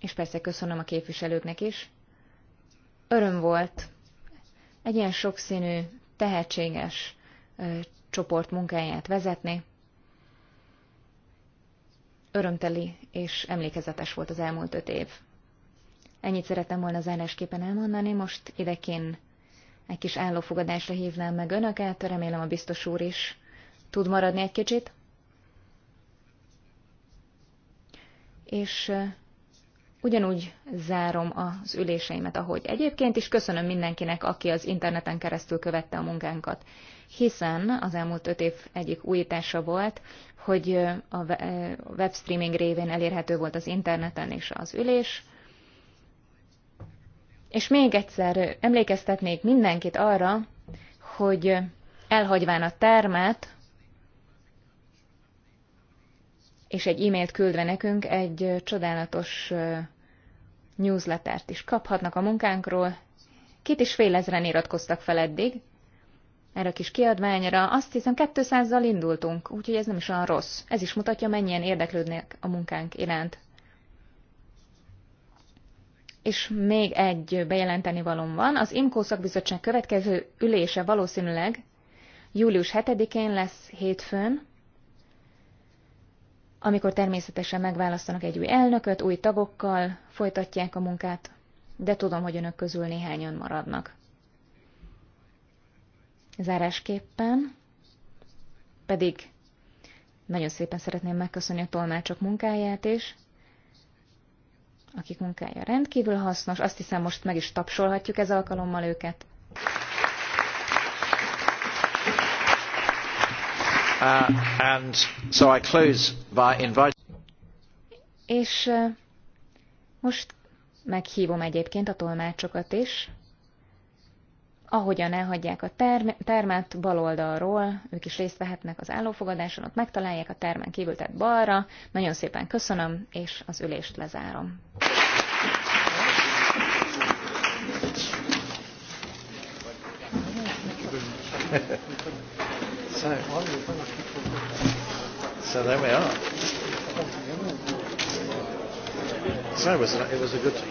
És persze köszönöm a képviselőknek is. Öröm volt egy ilyen sokszínű, tehetséges e, csoport munkáját vezetni. Örömteli és emlékezetes volt az elmúlt öt év. Ennyit szerettem volna zárásképpen elmondani, most idekén egy kis állófogadásra hívnám meg önöket, remélem a biztos úr is tud maradni egy kicsit. És ugyanúgy zárom az üléseimet, ahogy egyébként is. Köszönöm mindenkinek, aki az interneten keresztül követte a munkánkat hiszen az elmúlt öt év egyik újítása volt, hogy a webstreaming révén elérhető volt az interneten és az ülés. És még egyszer emlékeztetnék mindenkit arra, hogy elhagyván a termet, és egy e-mailt küldve nekünk egy csodálatos newslettert is kaphatnak a munkánkról. Két és fél ezren iratkoztak fel eddig, erre a kis kiadványra. Azt hiszem 200-zal indultunk, úgyhogy ez nem is olyan rossz. Ez is mutatja, mennyien érdeklődnek a munkánk iránt. És még egy bejelenteni valom van. Az IMKO szakbizottság következő ülése valószínűleg július 7-én lesz hétfőn, amikor természetesen megválasztanak egy új elnököt, új tagokkal, folytatják a munkát, de tudom, hogy önök közül néhányan maradnak. Zárásképpen pedig nagyon szépen szeretném megköszönni a tolmácsok munkáját is, akik munkája rendkívül hasznos. Azt hiszem, most meg is tapsolhatjuk ez alkalommal őket. Uh, and so I close by inviting... És uh, most meghívom egyébként a tolmácsokat is ahogyan elhagyják a term- termet baloldalról, ők is részt vehetnek az állófogadáson, ott megtalálják a termen kívül, tehát balra. Nagyon szépen köszönöm, és az ülést lezárom. So, so there we are. So it was, it was a good.